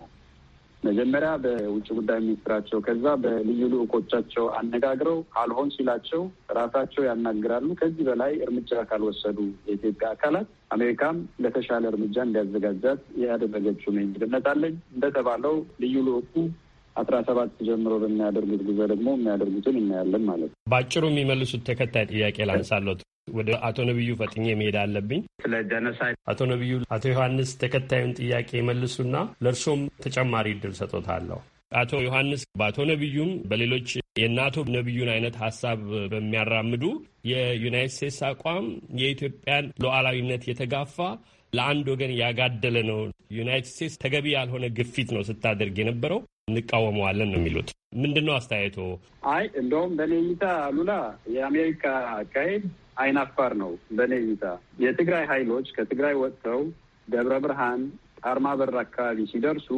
S2: መጀመሪያ በውጭ ጉዳይ ሚኒስትራቸው ከዛ በልዩ ልዑቆቻቸው አነጋግረው አልሆን ሲላቸው ራሳቸው ያናግራሉ። ከዚህ በላይ እርምጃ ካልወሰዱ የኢትዮጵያ አካላት አሜሪካም ለተሻለ እርምጃ እንዲያዘጋጃት ያደረገችው ነው የሚል እምነት አለኝ። እንደተባለው ልዩ ልዑኩ አስራ ሰባት ጀምሮ በሚያደርጉት ጉዞ ደግሞ የሚያደርጉትን
S5: እናያለን ማለት ነው። በአጭሩ የሚመልሱት ተከታይ ጥያቄ ላንሳለት። ወደ አቶ ነቢዩ ፈጥኜ መሄድ አለብኝ። ስለ ጀነሳይድ አቶ ነቢዩ፣ አቶ ዮሐንስ ተከታዩን ጥያቄ መልሱና ለእርሶም ተጨማሪ እድል ሰጦታለሁ። አቶ ዮሐንስ በአቶ ነቢዩም በሌሎች የእነ አቶ ነቢዩን አይነት ሀሳብ በሚያራምዱ የዩናይት ስቴትስ አቋም የኢትዮጵያን ሉዓላዊነት የተጋፋ ለአንድ ወገን ያጋደለ ነው፣ ዩናይትድ ስቴትስ ተገቢ ያልሆነ ግፊት ነው ስታደርግ የነበረው እንቃወመዋለን ነው የሚሉት። ምንድን ነው አስተያየቶ?
S2: አይ እንደውም በእኔ እይታ አሉላ የአሜሪካ አካሄድ አይናፋር ነው። በእኔ እይታ የትግራይ ኃይሎች ከትግራይ ወጥተው ደብረ ብርሃን አርማ በር አካባቢ ሲደርሱ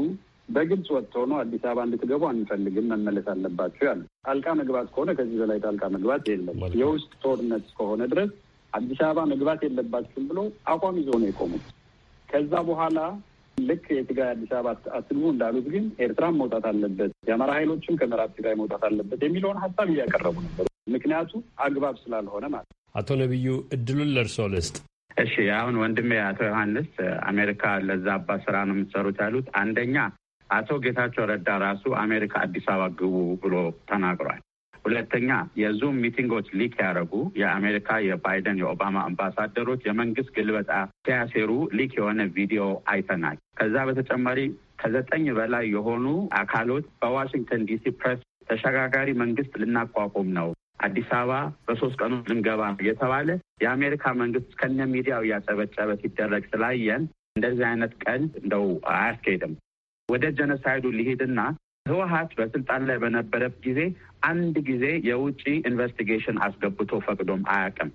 S2: በግልጽ ወጥቶ ነው አዲስ አበባ እንድትገቡ አንፈልግም፣ መመለስ አለባችሁ ያሉ። ጣልቃ መግባት ከሆነ ከዚህ በላይ ጣልቃ መግባት የለም። የውስጥ ጦርነት እስከሆነ ድረስ አዲስ አበባ መግባት የለባችሁም ብሎ አቋም ይዞ ነው የቆሙት። ከዛ በኋላ ልክ የትግራይ አዲስ አበባ አትግቡ እንዳሉት ግን ኤርትራም መውጣት አለበት፣ የአማራ ኃይሎችም ከምዕራብ ትግራይ መውጣት አለበት የሚለውን ሀሳብ እያቀረቡ ነበሩ። ምክንያቱ አግባብ ስላልሆነ ማለት ነው።
S5: አቶ ነቢዩ እድሉን ለእርሶ ልስጥ።
S2: እሺ፣ አሁን ወንድሜ አቶ ዮሐንስ አሜሪካ ለዛ አባ ስራ ነው የምትሰሩት ያሉት አንደኛ አቶ ጌታቸው ረዳ ራሱ አሜሪካ አዲስ አበባ ግቡ ብሎ ተናግሯል። ሁለተኛ የዙም ሚቲንጎች ሊክ ያደረጉ የአሜሪካ የባይደን የኦባማ አምባሳደሮች የመንግስት ግልበጣ ሲያሴሩ ሊክ የሆነ ቪዲዮ አይተናል። ከዛ በተጨማሪ ከዘጠኝ በላይ የሆኑ አካሎች በዋሽንግተን ዲሲ ፕሬስ ተሸጋጋሪ መንግስት ልናቋቁም ነው አዲስ አበባ በሶስት ቀኑ ልንገባ ነው የተባለ የአሜሪካ መንግስት እስከነ ሚዲያው እያጨበጨበ ሲደረግ ስላየን እንደዚህ አይነት ቀን እንደው አያስኬድም። ወደ ጀነሳይዱ ሊሄድና ህወሀት በስልጣን ላይ በነበረበት ጊዜ አንድ ጊዜ የውጭ ኢንቨስቲጌሽን አስገብቶ ፈቅዶም አያውቅም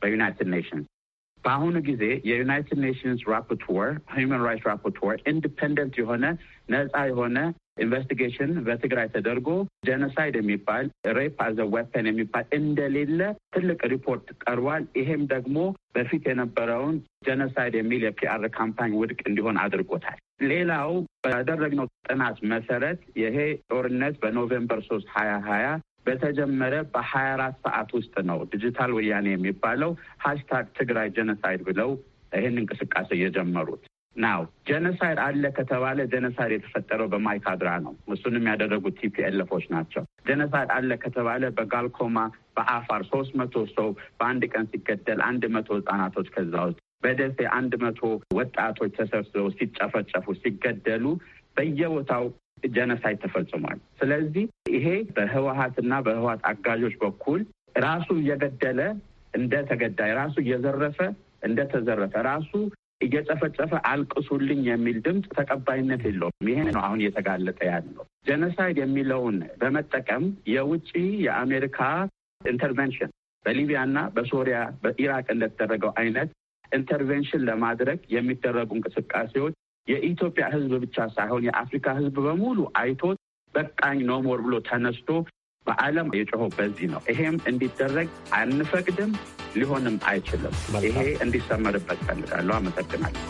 S2: በዩናይትድ ኔሽንስ። በአሁኑ ጊዜ የዩናይትድ ኔሽንስ ራፖርተር ሂውማን ራይትስ ራፖርተር ኢንዲፐንደንት የሆነ ነጻ የሆነ ኢንቨስቲጌሽን በትግራይ ተደርጎ ጀነሳይድ የሚባል ሬፕ አዘ ዌፐን የሚባል እንደሌለ ትልቅ ሪፖርት ቀርቧል። ይሄም ደግሞ በፊት የነበረውን ጀነሳይድ የሚል የፒአር ካምፓኝ ውድቅ እንዲሆን አድርጎታል። ሌላው ባደረግነው ጥናት መሰረት ይሄ ጦርነት በኖቬምበር ሶስት ሀያ ሀያ በተጀመረ በሀያ አራት ሰዓት ውስጥ ነው ዲጂታል ወያኔ የሚባለው ሀሽታግ ትግራይ ጀነሳይድ ብለው ይህን እንቅስቃሴ የጀመሩት ናው ጀነሳይድ አለ ከተባለ ጀነሳይድ የተፈጠረው በማይካድራ ነው። እሱንም ያደረጉት ቲፒኤልፎች ናቸው። ጀነሳይድ አለ ከተባለ በጋልኮማ በአፋር ሶስት መቶ ሰው በአንድ ቀን ሲገደል አንድ መቶ ህጻናቶች ከዛ ውስጥ በደሴ አንድ መቶ ወጣቶች ተሰብስበው ሲጨፈጨፉ ሲገደሉ በየቦታው ጀነሳይድ ተፈጽሟል። ስለዚህ ይሄ በህወሀትና በህወሀት አጋዦች በኩል ራሱ እየገደለ እንደ ተገዳይ ራሱ እየዘረፈ እንደተዘረፈ ራሱ እየጨፈጨፈ አልቅሱልኝ የሚል ድምፅ ተቀባይነት የለውም። ይሄ ነው አሁን እየተጋለጠ ያለው። ጀነሳይድ የሚለውን በመጠቀም የውጭ የአሜሪካ ኢንተርቨንሽን በሊቢያና በሶሪያ በኢራቅ እንደተደረገው አይነት ኢንተርቬንሽን ለማድረግ የሚደረጉ እንቅስቃሴዎች የኢትዮጵያ ሕዝብ ብቻ ሳይሆን የአፍሪካ ሕዝብ በሙሉ አይቶት በቃኝ ኖሞር ብሎ ተነስቶ በዓለም የጮሆ በዚህ ነው። ይሄም እንዲደረግ አንፈቅድም፣ ሊሆንም አይችልም። ይሄ እንዲሰመርበት ፈልጋለሁ። አመሰግናለሁ።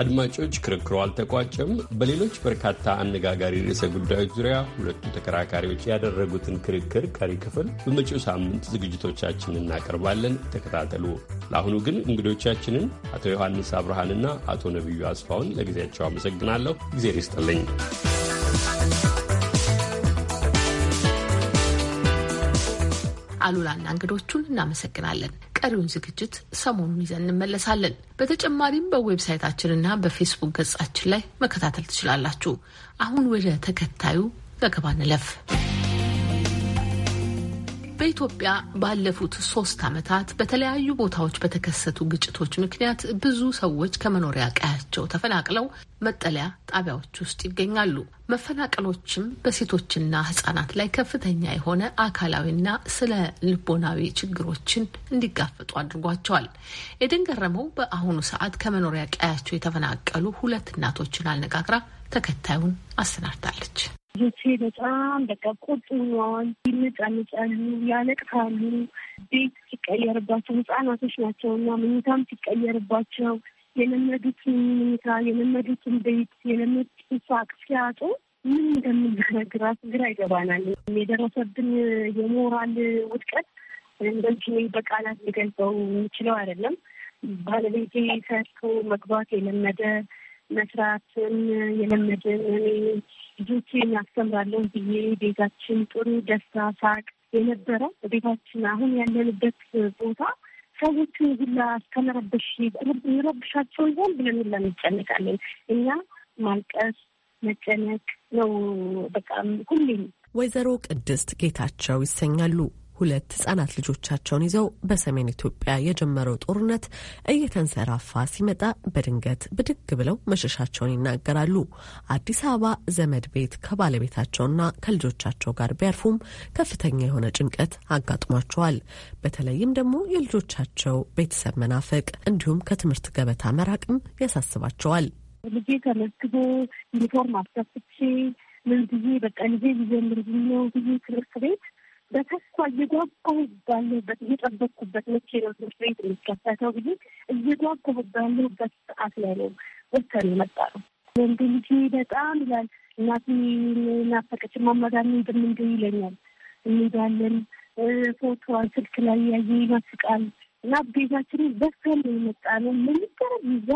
S5: አድማጮች፣ ክርክሮ አልተቋጨም። በሌሎች በርካታ አነጋጋሪ ርዕሰ ጉዳዮች ዙሪያ ሁለቱ ተከራካሪዎች ያደረጉትን ክርክር ቀሪ ክፍል በመጪው ሳምንት ዝግጅቶቻችን እናቀርባለን። ተከታተሉ። ለአሁኑ ግን እንግዶቻችንን አቶ ዮሐንስ አብርሃንና አቶ ነቢዩ አስፋውን ለጊዜያቸው አመሰግናለሁ። እግዜር ይስጥልኝ።
S1: አሉላና እንግዶቹን እናመሰግናለን። ቀሪውን ዝግጅት ሰሞኑን ይዘን እንመለሳለን። በተጨማሪም በዌብሳይታችንና በፌስቡክ ገጻችን ላይ መከታተል ትችላላችሁ። አሁን ወደ ተከታዩ ዘገባ እንለፍ። በኢትዮጵያ ባለፉት ሶስት ዓመታት በተለያዩ ቦታዎች በተከሰቱ ግጭቶች ምክንያት ብዙ ሰዎች ከመኖሪያ ቀያቸው ተፈናቅለው መጠለያ ጣቢያዎች ውስጥ ይገኛሉ። መፈናቀሎችም በሴቶችና ሕጻናት ላይ ከፍተኛ የሆነ አካላዊና ስነ ልቦናዊ ችግሮችን እንዲጋፈጡ አድርጓቸዋል። ኤደን ገረመው በአሁኑ ሰዓት ከመኖሪያ ቀያቸው የተፈናቀሉ ሁለት እናቶችን አነጋግራ ተከታዩን አሰናድታለች።
S6: ልጆቼ በጣም በቃ ቁጡ ሆነዋል። ይነጫነጫሉ፣ ያለቅታሉ። ቤት ሲቀየርባቸው ህጻናቶች ናቸው እና መኝታም ሲቀየርባቸው የለመዱትን መኝታ የለመዱትን ቤት የለመዱትን ሳቅ ሲያጡ ምን እንደምናደርግ ራሱ ግራ ይገባናል። የደረሰብን የሞራል ውድቀት እንደዚህ በቃላት ሊገልጸው የምችለው አይደለም። ባለቤቴ ሰርቶ መግባት የለመደ መስራትን የለመደ እኔ ልጆቼን ብዬ ቤታችን ጥሩ ደስታ፣ ሳቅ የነበረ ቤታችን አሁን ያለንበት ቦታ ሰዎቹን ሁላ እስከመረበሽ ረብሻቸው ይሆን ብለን ሁላ እንጨነቃለን። እኛ ማልቀስ መጨነቅ ነው በቃ ሁሌም። ወይዘሮ
S7: ቅድስት ጌታቸው ይሰኛሉ። ሁለት ህጻናት ልጆቻቸውን ይዘው በሰሜን ኢትዮጵያ የጀመረው ጦርነት እየተንሰራፋ ሲመጣ በድንገት ብድግ ብለው መሸሻቸውን ይናገራሉ። አዲስ አበባ ዘመድ ቤት ከባለቤታቸውና ከልጆቻቸው ጋር ቢያርፉም ከፍተኛ የሆነ ጭንቀት አጋጥሟቸዋል። በተለይም ደግሞ የልጆቻቸው ቤተሰብ መናፈቅ እንዲሁም ከትምህርት ገበታ መራቅም ያሳስባቸዋል።
S6: ልጄ ተመዝግቦ ዩኒፎርም አስከፍቼ ምን ብዬ በቃ ልጄ ሊጀምር ብዬ ትምህርት ቤት በተስፋ እየጓጓሁት ባለሁበት እየጠበቅኩበት መቼ ነው ትምህርት ቤት የሚከፈተው ብዬ እየጓጓሁት ባለሁበት ሰዓት ላይ ነው ወተር የመጣ ነው። ወንድ ልጄ በጣም ይላል እናቴ ናፈቀች ማማጋሚ እንደምንገ ይለኛል። እንሄዳለን ፎቶ ስልክ ላይ ያየ ይመስቃል እና ቤታችንን በሰል የመጣ ነው ለሚደረግ ይዛ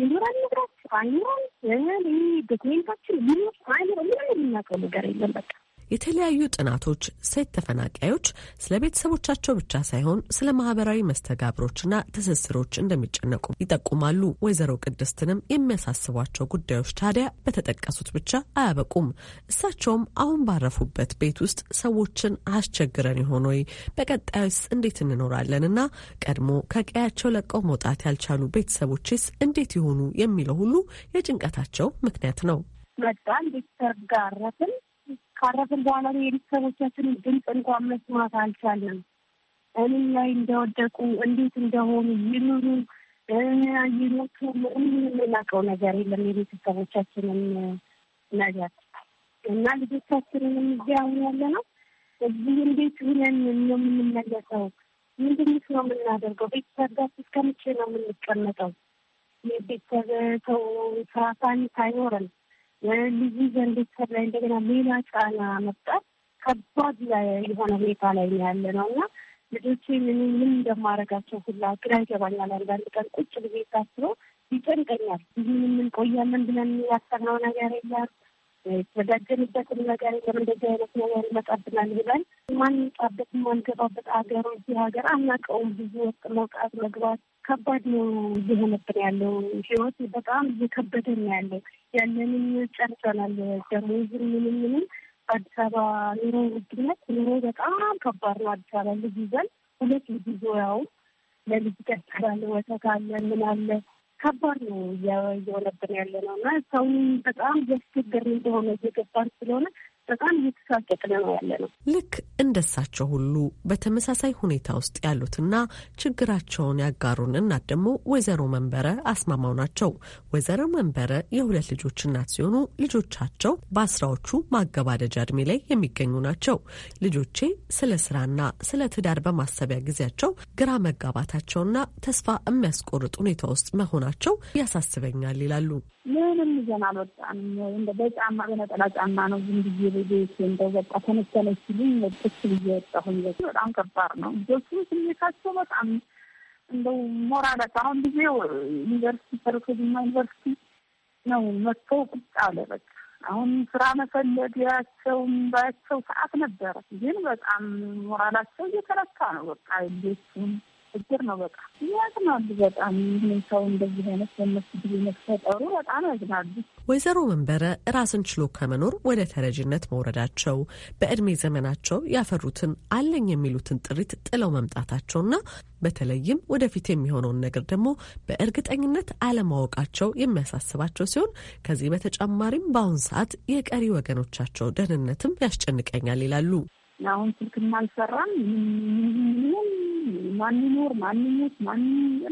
S6: ይኖራል ንብረት አይኖራል ይህ ዶክሜንታችን ይኖር አይኖር ምንም የምናውቀው ነገር የለም በቃ
S7: የተለያዩ ጥናቶች ሴት ተፈናቃዮች ስለ ቤተሰቦቻቸው ብቻ ሳይሆን ስለ ማህበራዊ መስተጋብሮችና ትስስሮች እንደሚጨነቁ ይጠቁማሉ። ወይዘሮ ቅድስትንም የሚያሳስቧቸው ጉዳዮች ታዲያ በተጠቀሱት ብቻ አያበቁም። እሳቸውም አሁን ባረፉበት ቤት ውስጥ ሰዎችን አስቸግረን ይሆን ወይ፣ በቀጣዩስ እንዴት እንኖራለን እና ቀድሞ ከቀያቸው ለቀው መውጣት ያልቻሉ ቤተሰቦችስ እንዴት ይሆኑ የሚለው ሁሉ የጭንቀታቸው ምክንያት ነው።
S6: መጣን ቤተሰብ ጋር ካረፍን በኋላ የቤተሰቦቻችንን ድምፅ እንኳን መስማት አልቻለም። እኔ ላይ እንደወደቁ እንዴት እንደሆኑ ይኑሩ ይሞቱ የምናውቀው ነገር የለም። የቤተሰቦቻችንን ነገር እና ልጆቻችንን እዚያ ያለ ነው እዚህ እንዴት ሁነን ነው የምንመለሰው? ምንድንስ ነው የምናደርገው? ቤተሰብ ጋር እስከ መቼ ነው የምንቀመጠው? የቤተሰብ ሰው ሳይኖረን ልዩ ዘንዶተር ላይ እንደገና ሌላ ጫና መፍጣት ከባድ የሆነ ሁኔታ ላይ ያለ ነው እና ልጆቼ ምን ምን እንደማደርጋቸው ሁላ ግራ ይገባኛል። አንዳንድ ቀን ቁጭ ብዬ ሳስበው ይጨንቀኛል። ይህን የምንቆያለን ብለን ያሰብነው ነገር የለም የተዘጋጀንበትም ነገር የለም። እንደዚህ አይነት ነገር ይመጣብናል ብለን ማንጣበት ማንገባበት አገር እዚህ ሀገር አናውቀውም። ብዙ ወጥ መውጣት መግባት ከባድ ነው እየሆነብን ያለው ህይወት በጣም እየከበደን ያለው ያለንን ጨርሰናል። ደሞዝ ምንም ምንም አዲስ አበባ ኑሮ ውድነት ኑሮ በጣም ከባድ ነው። አዲስ አበባ ልጅ ይዘን ሁለት ልጅ ዞያውም ለልጅ ቀጥላለ ወተት አለ ምን አለ ከባድ ነው እየሆነብን ያለ ነው እና ሰውን በጣም እያስቸገርን እንደሆነ እየገባን ስለሆነ በጣም እየተሳቀቅን ነው ያለ
S7: ነው። ልክ እንደሳቸው ሁሉ በተመሳሳይ ሁኔታ ውስጥ ያሉትና ችግራቸውን ያጋሩን እናት ደግሞ ወይዘሮ መንበረ አስማማው ናቸው። ወይዘሮ መንበረ የሁለት ልጆች እናት ሲሆኑ ልጆቻቸው በአስራዎቹ ማገባደጃ እድሜ ላይ የሚገኙ ናቸው። ልጆቼ ስለ ስራና ስለ ትዳር በማሰቢያ ጊዜያቸው ግራ መጋባታቸውና ተስፋ የሚያስቆርጥ ሁኔታ ውስጥ መሆናቸው ያሳስበኛል ይላሉ።
S6: ምንም ይዘን አልወጣንም። በጫማ በነጠላ ጫማ ነው ዝም ብዬ ቤት እንደው በቃ ተነስተነች ሲሉኝ ጥስ ብዬ ወጣሁኝ። በጣም ከባድ ነው። ልጆቹ ስሜታቸው በጣም እንደው ሞራላቸው አሁን ጊዜ ዩኒቨርሲቲ ተርኮ ጅማ ዩኒቨርሲቲ ነው መጥተው ቁጭ አለ። በቃ አሁን ስራ መፈለግ ያቸውም ባያቸው ሰዓት ነበረ፣ ግን በጣም ሞራላቸው እየተረካ ነው። በቃ ልጆቹም እግር ነው። በቃ ያዝናሉ። በጣም ይህን ሰው እንደዚህ አይነት በነሱ ጊዜ መፈጠሩ በጣም ያዝናሉ።
S7: ወይዘሮ መንበረ ራስን ችሎ ከመኖር ወደ ተረጅነት መውረዳቸው በእድሜ ዘመናቸው ያፈሩትን አለኝ የሚሉትን ጥሪት ጥለው መምጣታቸውና በተለይም ወደፊት የሚሆነውን ነገር ደግሞ በእርግጠኝነት አለማወቃቸው የሚያሳስባቸው ሲሆን ከዚህ በተጨማሪም በአሁን ሰዓት የቀሪ ወገኖቻቸው ደህንነትም ያስጨንቀኛል ይላሉ።
S6: አሁን ስልክም አልሰራም። ምንም ማን ይኖር ማን ይሞት ማን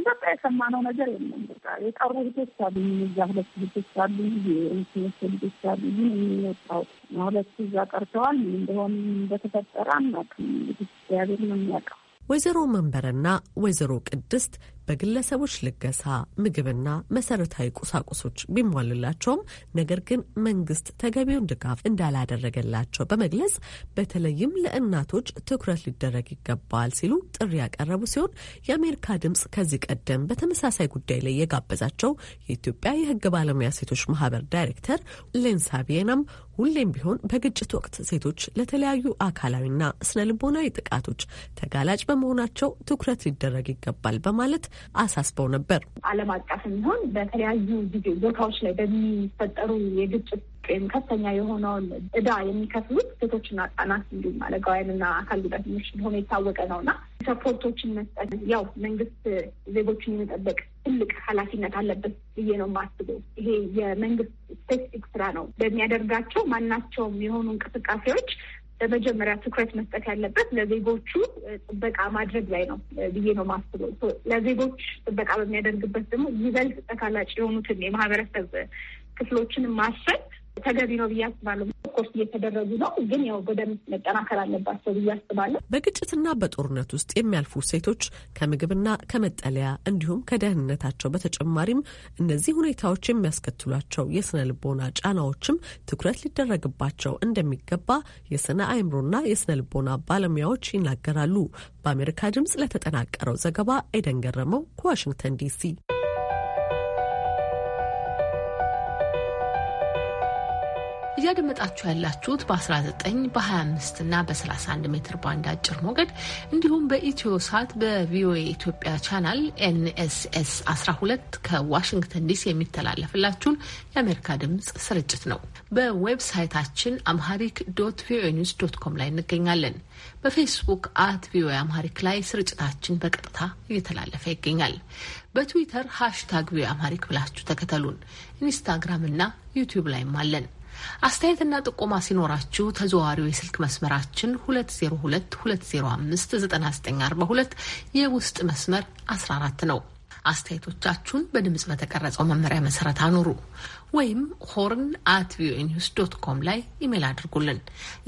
S6: በቃ የሰማነው ነገር የለም። በቃ የቀሩ ልጆች አሉ፣ እዛ ሁለት ልጆች አሉ፣ ሁለት ልጆች አሉ። ግን የሚወጣው ሁለቱ እዛ ቀርተዋል። እንደሆን በተፈጠረ አናውቅም። እንግዲህ እግዚአብሔር ነው የሚያውቀው።
S7: ወይዘሮ መንበረና ወይዘሮ ቅድስት በግለሰቦች ልገሳ ምግብና መሰረታዊ ቁሳቁሶች ቢሟሉላቸውም ነገር ግን መንግስት ተገቢውን ድጋፍ እንዳላደረገላቸው በመግለጽ በተለይም ለእናቶች ትኩረት ሊደረግ ይገባል ሲሉ ጥሪ ያቀረቡ ሲሆን የአሜሪካ ድምጽ ከዚህ ቀደም በተመሳሳይ ጉዳይ ላይ የጋበዛቸው የኢትዮጵያ የህግ ባለሙያ ሴቶች ማህበር ዳይሬክተር ሌንሳ ቢየናም ሁሌም ቢሆን በግጭት ወቅት ሴቶች ለተለያዩ አካላዊና ስነ ልቦናዊ ጥቃቶች ተጋላጭ በመሆናቸው ትኩረት ሊደረግ ይገባል በማለት አሳስበው ነበር።
S6: ዓለም አቀፍ የሚሆን በተለያዩ ጊዜ ቦታዎች ላይ በሚፈጠሩ የግጭት ወይም ከፍተኛ የሆነውን እዳ የሚከፍሉት ሴቶችና ህጻናት እንዲሁም አረጋውያንና አካል ጉዳተኞች እንደሆነ የታወቀ ነው እና ሰፖርቶችን መስጠት ያው መንግስት ዜጎችን የመጠበቅ ትልቅ ኃላፊነት አለበት ብዬ ነው የማስበው። ይሄ የመንግስት ስፔሲፊክ ስራ ነው። በሚያደርጋቸው ማናቸውም የሆኑ እንቅስቃሴዎች በመጀመሪያ ትኩረት መስጠት ያለበት ለዜጎቹ ጥበቃ ማድረግ ላይ ነው ብዬ ነው ማስበው። ለዜጎች ጥበቃ በሚያደርግበት ደግሞ ይበልጥ ተጋላጭ የሆኑትን የማህበረሰብ ክፍሎችን ማሰብ ተገቢ ነው ብዬ አስባለሁ። ኦፍኮርስ እየተደረጉ ነው፣ ግን ያው በደምብ መጠናከር
S7: አለባቸው ብዬ አስባለሁ። በግጭትና በጦርነት ውስጥ የሚያልፉ ሴቶች ከምግብና ከመጠለያ እንዲሁም ከደህንነታቸው በተጨማሪም እነዚህ ሁኔታዎች የሚያስከትሏቸው የስነ ልቦና ጫናዎችም ትኩረት ሊደረግባቸው እንደሚገባ የስነ አእምሮና የስነ ልቦና ባለሙያዎች ይናገራሉ። በአሜሪካ ድምጽ ለተጠናቀረው ዘገባ ኤደን ገረመው ከዋሽንግተን ዲሲ
S1: እያደመጣችሁ ያላችሁት በ19 በ25 እና በ31 ሜትር ባንድ አጭር ሞገድ እንዲሁም በኢትዮ ሳት በቪኦኤ ኢትዮጵያ ቻናል ኤንኤስኤስ 12 ከዋሽንግተን ዲሲ የሚተላለፍላችሁን የአሜሪካ ድምፅ ስርጭት ነው። በዌብሳይታችን አምሃሪክ ዶት ቪኦኤ ኒውስ ዶት ኮም ላይ እንገኛለን። በፌስቡክ አት ቪኦኤ አምሃሪክ ላይ ስርጭታችን በቀጥታ እየተላለፈ ይገኛል። በትዊተር ሃሽታግ ቪኦኤ አምሃሪክ ብላችሁ ተከተሉን። ኢንስታግራም እና ዩቲዩብ ላይም አለን። አስተያየትና ጥቆማ ሲኖራችሁ ተዘዋዋሪው የስልክ መስመራችን 2022059942 የውስጥ መስመር 14 ነው። አስተያየቶቻችሁን በድምፅ በተቀረጸው መመሪያ መሰረት አኑሩ ወይም ሆርን አት ቪኦኤ ኒውስ ዶት ኮም ላይ ኢሜል አድርጉልን።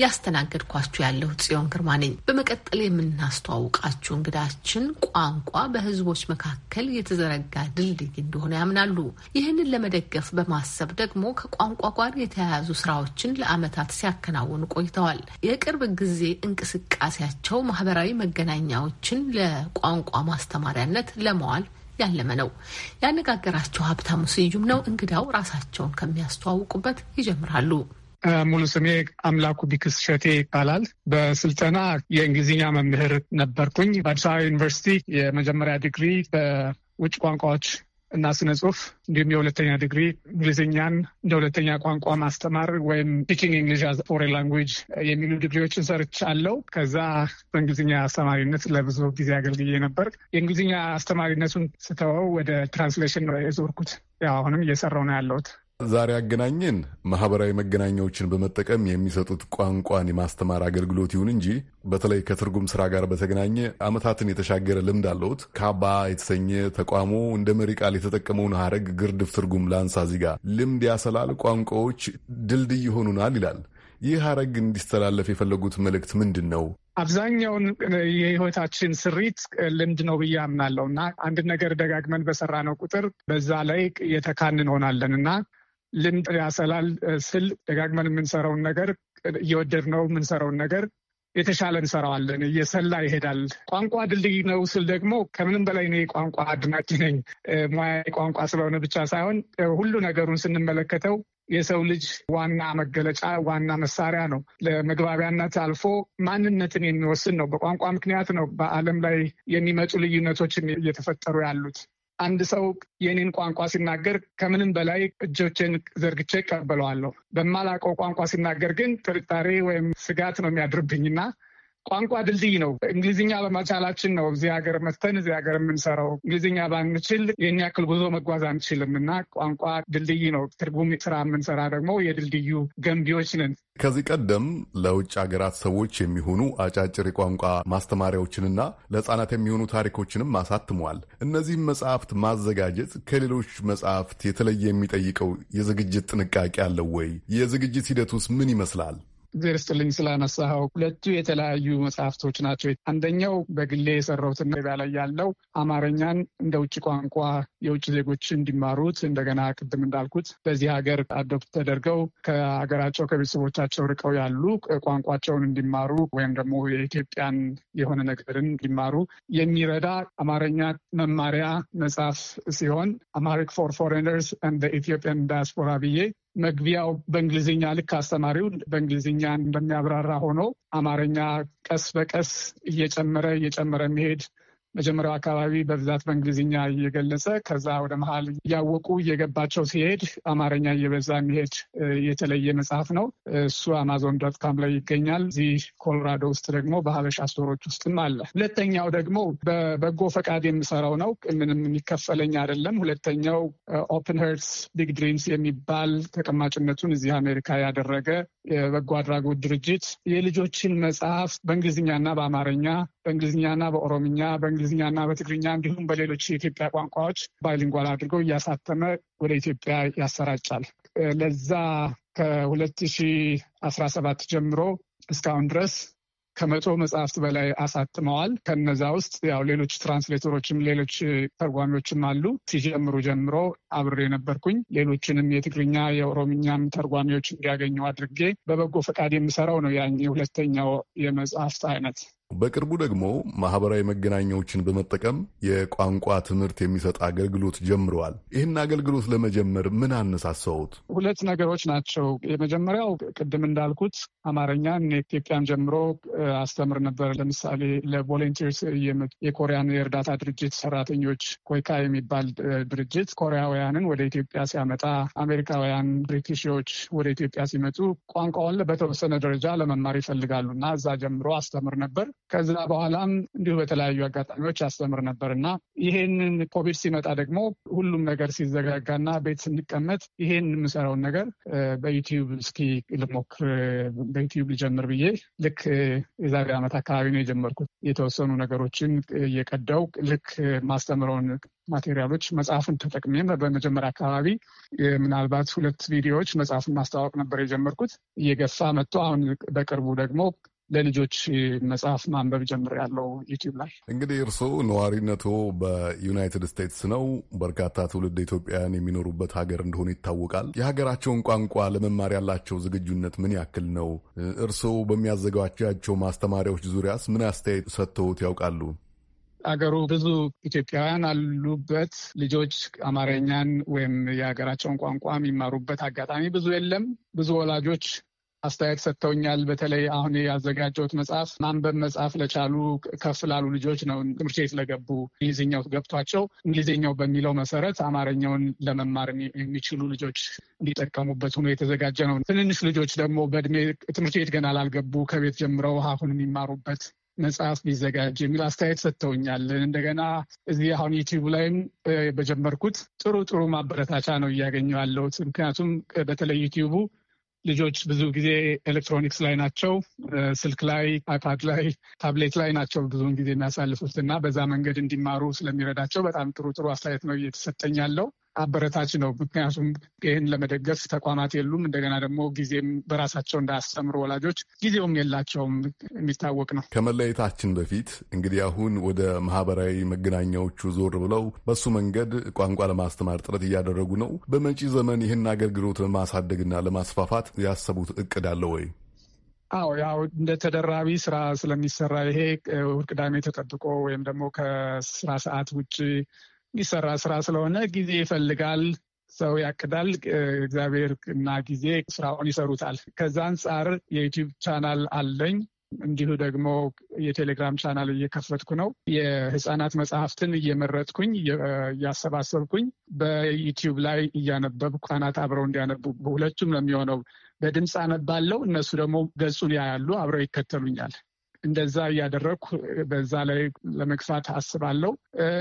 S1: ያስተናገድኳችሁ ያለሁ ጽዮን ግርማ ነኝ። በመቀጠል የምናስተዋውቃችሁ እንግዳችን ቋንቋ በህዝቦች መካከል የተዘረጋ ድልድይ እንደሆነ ያምናሉ። ይህንን ለመደገፍ በማሰብ ደግሞ ከቋንቋ ጋር የተያያዙ ስራዎችን ለአመታት ሲያከናውኑ ቆይተዋል። የቅርብ ጊዜ እንቅስቃሴያቸው ማህበራዊ መገናኛዎችን ለቋንቋ ማስተማሪያነት ለመዋል ያለመ ነው። ያነጋገራቸው ሀብታሙ ስዩም ነው። እንግዳው ራሳቸውን ከሚያስተዋውቁበት ይጀምራሉ።
S4: ሙሉ ስሜ አምላኩ ቢክስ ሸቴ ይባላል። በስልጠና የእንግሊዝኛ መምህር ነበርኩኝ። በአዲስ አበባ ዩኒቨርሲቲ የመጀመሪያ ዲግሪ በውጭ ቋንቋዎች እና ስነ ጽሁፍ እንዲሁም የሁለተኛ ዲግሪ እንግሊዝኛን እንደ ሁለተኛ ቋንቋ ማስተማር ወይም ስፒኪንግ እንግሊሽ ፎሬን ላንጉጅ የሚሉ ዲግሪዎችን አለው። ከዛ በእንግሊዝኛ አስተማሪነት ለብዙ ጊዜ አገልግዬ ነበር። የእንግሊዝኛ አስተማሪነቱን ስተወው ወደ ትራንስሌሽን የዞርኩት ያው አሁንም እየሰራው ነው ያለሁት።
S8: ዛሬ ያገናኘን ማህበራዊ መገናኛዎችን በመጠቀም የሚሰጡት ቋንቋን የማስተማር አገልግሎት ይሁን እንጂ በተለይ ከትርጉም ስራ ጋር በተገናኘ ዓመታትን የተሻገረ ልምድ አለሁት። ካባ የተሰኘ ተቋሙ እንደ መሪ ቃል የተጠቀመውን ሀረግ ግርድፍ ትርጉም ላንሳ ዚጋ ልምድ ያሰላል፣ ቋንቋዎች ድልድይ ይሆኑናል ይላል። ይህ ሀረግ እንዲስተላለፍ የፈለጉት መልእክት ምንድን ነው?
S4: አብዛኛውን የህይወታችን ስሪት ልምድ ነው ብዬ አምናለሁ እና አንድ ነገር ደጋግመን ነው ቁጥር በዛ ላይ የተካን እንሆናለን እና ልምድ ያሰላል ስል ደጋግመን የምንሰራውን ነገር እየወደድ ነው የምንሰራውን ነገር የተሻለ እንሰራዋለን፣ እየሰላ ይሄዳል። ቋንቋ ድልድይ ነው ስል ደግሞ ከምንም በላይ እኔ ቋንቋ አድናቂ ነኝ። ሙያ ቋንቋ ስለሆነ ብቻ ሳይሆን ሁሉ ነገሩን ስንመለከተው የሰው ልጅ ዋና መገለጫ ዋና መሳሪያ ነው። ለመግባቢያነት አልፎ ማንነትን የሚወስን ነው። በቋንቋ ምክንያት ነው በዓለም ላይ የሚመጡ ልዩነቶችን እየተፈጠሩ ያሉት። አንድ ሰው የኔን ቋንቋ ሲናገር ከምንም በላይ እጆቼን ዘርግቼ ይቀበለዋለሁ። በማላውቀው ቋንቋ ሲናገር ግን ጥርጣሬ ወይም ስጋት ነው የሚያድርብኝና ቋንቋ ድልድይ ነው። እንግሊዝኛ በመቻላችን ነው እዚህ ሀገር መተን እዚህ ሀገር የምንሰራው። እንግሊዝኛ ባንችል ይህን ያክል ጉዞ መጓዝ አንችልም እና ቋንቋ ድልድይ ነው። ትርጉም ስራ የምንሰራ ደግሞ የድልድዩ
S8: ገንቢዎች ነን። ከዚህ ቀደም ለውጭ ሀገራት ሰዎች የሚሆኑ አጫጭር የቋንቋ ማስተማሪያዎችንና ለህፃናት የሚሆኑ ታሪኮችንም አሳትመዋል። እነዚህም መጽሐፍት ማዘጋጀት ከሌሎች መጽሐፍት የተለየ የሚጠይቀው የዝግጅት ጥንቃቄ አለው ወይ? የዝግጅት ሂደት ውስጥ ምን ይመስላል?
S4: እግዜር ስጥልኝ ስላነሳኸው ሁለቱ የተለያዩ መጽሐፍቶች ናቸው። አንደኛው በግሌ የሰራሁትን ገበያ ላይ ያለው አማርኛን እንደ ውጭ ቋንቋ የውጭ ዜጎች እንዲማሩት እንደገና ቅድም እንዳልኩት በዚህ ሀገር አዶፕት ተደርገው ከሀገራቸው ከቤተሰቦቻቸው ርቀው ያሉ ቋንቋቸውን እንዲማሩ ወይም ደግሞ የኢትዮጵያን የሆነ ነገርን እንዲማሩ የሚረዳ አማርኛ መማሪያ መጽሐፍ ሲሆን አማሪክ ፎር ፎሬነርስ ኢትዮጵያን ዳያስፖራ ብዬ መግቢያው በእንግሊዝኛ ልክ አስተማሪው በእንግሊዝኛ እንደሚያብራራ ሆኖ አማርኛ ቀስ በቀስ እየጨመረ እየጨመረ መሄድ መጀመሪያው አካባቢ በብዛት በእንግሊዝኛ እየገለጸ ከዛ ወደ መሀል እያወቁ እየገባቸው ሲሄድ አማርኛ እየበዛ የሚሄድ የተለየ መጽሐፍ ነው። እሱ አማዞን ዶት ካም ላይ ይገኛል። እዚህ ኮሎራዶ ውስጥ ደግሞ በሀበሻ ስቶሮች ውስጥም አለ። ሁለተኛው ደግሞ በበጎ ፈቃድ የምሰራው ነው። ምንም የሚከፈለኝ አይደለም። ሁለተኛው ኦፕን ሄርትስ ቢግ ድሪምስ የሚባል ተቀማጭነቱን እዚህ አሜሪካ ያደረገ የበጎ አድራጎት ድርጅት የልጆችን መጽሐፍ በእንግሊዝኛና በአማርኛ በእንግሊዝኛና በኦሮምኛ በእንግሊዝኛና በትግርኛ እንዲሁም በሌሎች የኢትዮጵያ ቋንቋዎች ባይሊንጓል አድርጎ እያሳተመ ወደ ኢትዮጵያ ያሰራጫል። ለዛ ከ2017 ጀምሮ እስካሁን ድረስ ከመቶ መጽሐፍት በላይ አሳትመዋል። ከነዛ ውስጥ ያው ሌሎች ትራንስሌተሮችም ሌሎች ተርጓሚዎችም አሉ። ሲጀምሩ ጀምሮ አብሬ ነበርኩኝ። ሌሎችንም የትግርኛ የኦሮምኛም ተርጓሚዎች እንዲያገኙ አድርጌ በበጎ ፈቃድ የምሰራው ነው ያ የሁለተኛው
S8: የመጽሐፍት አይነት በቅርቡ ደግሞ ማህበራዊ መገናኛዎችን በመጠቀም የቋንቋ ትምህርት የሚሰጥ አገልግሎት ጀምረዋል። ይህን አገልግሎት ለመጀመር ምን አነሳሳውት?
S4: ሁለት ነገሮች ናቸው። የመጀመሪያው ቅድም እንዳልኩት አማርኛን ኢትዮጵያን ጀምሮ አስተምር ነበር። ለምሳሌ ለቮለንቲርስ የኮሪያን የእርዳታ ድርጅት ሰራተኞች ኮይካ የሚባል ድርጅት ኮሪያውያንን ወደ ኢትዮጵያ ሲያመጣ፣ አሜሪካውያን ብሪቲሽዎች ወደ ኢትዮጵያ ሲመጡ ቋንቋውን በተወሰነ ደረጃ ለመማር ይፈልጋሉ እና እዛ ጀምሮ አስተምር ነበር። ከዛ በኋላም እንዲሁ በተለያዩ አጋጣሚዎች ያስተምር ነበር እና ይሄንን ኮቪድ ሲመጣ ደግሞ ሁሉም ነገር ሲዘጋጋና ቤት ስንቀመጥ ይሄን የምሰራውን ነገር በዩቲዩብ እስኪ ልሞክር በዩቲዩብ ልጀምር ብዬ ልክ የዛሬ ዓመት አካባቢ ነው የጀመርኩት። የተወሰኑ ነገሮችን እየቀዳው ልክ ማስተምረውን ማቴሪያሎች መጽሐፍን ተጠቅሜም በመጀመሪያ አካባቢ ምናልባት ሁለት ቪዲዮዎች መጽሐፍን ማስተዋወቅ ነበር የጀመርኩት። እየገፋ መጥቶ አሁን በቅርቡ ደግሞ ለልጆች መጽሐፍ ማንበብ ያለው ዩቲዩብ ላይ።
S8: እንግዲህ እርስዎ ነዋሪነቶ በዩናይትድ ስቴትስ ነው። በርካታ ትውልድ ኢትዮጵያውያን የሚኖሩበት ሀገር እንደሆነ ይታወቃል። የሀገራቸውን ቋንቋ ለመማር ያላቸው ዝግጁነት ምን ያክል ነው? እርስዎ በሚያዘጋጃቸው ማስተማሪያዎች ዙሪያስ ምን አስተያየት ሰጥተውት ያውቃሉ?
S4: አገሩ ብዙ ኢትዮጵያውያን አሉበት። ልጆች አማርኛን ወይም የሀገራቸውን ቋንቋ የሚማሩበት አጋጣሚ ብዙ የለም። ብዙ ወላጆች አስተያየት ሰጥተውኛል። በተለይ አሁን ያዘጋጀሁት መጽሐፍ ማንበብ መጽሐፍ ለቻሉ ከፍ ላሉ ልጆች ነው። ትምህርት ቤት ለገቡ እንግሊዝኛው ገብቷቸው እንግሊዝኛው በሚለው መሰረት አማርኛውን ለመማር የሚችሉ ልጆች እንዲጠቀሙበት ሆኖ የተዘጋጀ ነው። ትንንሽ ልጆች ደግሞ በእድሜ ትምህርት ቤት ገና ላልገቡ ከቤት ጀምረው አሁን የሚማሩበት መጽሐፍ ቢዘጋጅ የሚል አስተያየት ሰጥተውኛል። እንደገና እዚህ አሁን ዩቲዩብ ላይም በጀመርኩት ጥሩ ጥሩ ማበረታቻ ነው እያገኘሁ ያለሁት። ምክንያቱም በተለይ ዩቲዩቡ ልጆች ብዙ ጊዜ ኤሌክትሮኒክስ ላይ ናቸው። ስልክ ላይ፣ አይፓድ ላይ፣ ታብሌት ላይ ናቸው ብዙውን ጊዜ የሚያሳልፉት እና በዛ መንገድ እንዲማሩ ስለሚረዳቸው በጣም ጥሩ ጥሩ አስተያየት ነው እየተሰጠኝ ያለው። አበረታች ነው። ምክንያቱም ይህን ለመደገፍ ተቋማት የሉም። እንደገና ደግሞ ጊዜም በራሳቸው እንዳያስተምሩ ወላጆች ጊዜውም የላቸውም።
S8: የሚታወቅ ነው። ከመለየታችን በፊት እንግዲህ አሁን ወደ ማህበራዊ መገናኛዎቹ ዞር ብለው በሱ መንገድ ቋንቋ ለማስተማር ጥረት እያደረጉ ነው። በመጪ ዘመን ይህን አገልግሎት ለማሳደግና ለማስፋፋት ያሰቡት እቅድ አለ ወይ?
S4: አዎ ያው እንደ ተደራቢ ስራ ስለሚሰራ ይሄ እሑድ ቅዳሜ ተጠብቆ ወይም ደግሞ ከስራ ሰዓት ውጭ የሚሰራ ስራ ስለሆነ ጊዜ ይፈልጋል። ሰው ያቅዳል። እግዚአብሔር እና ጊዜ ስራውን ይሰሩታል። ከዛ አንጻር የዩቲዩብ ቻናል አለኝ። እንዲሁ ደግሞ የቴሌግራም ቻናል እየከፈትኩ ነው። የህፃናት መጽሐፍትን እየመረጥኩኝ እያሰባሰብኩኝ በዩቲዩብ ላይ እያነበብ ህፃናት አብረው እንዲያነቡ ሁለቱም ለሚሆነው በድምፅ አነባለው፣ እነሱ ደግሞ ገጹን ያያሉ፣ አብረው ይከተሉኛል። እንደዛ እያደረግኩ በዛ ላይ ለመግፋት አስባለሁ።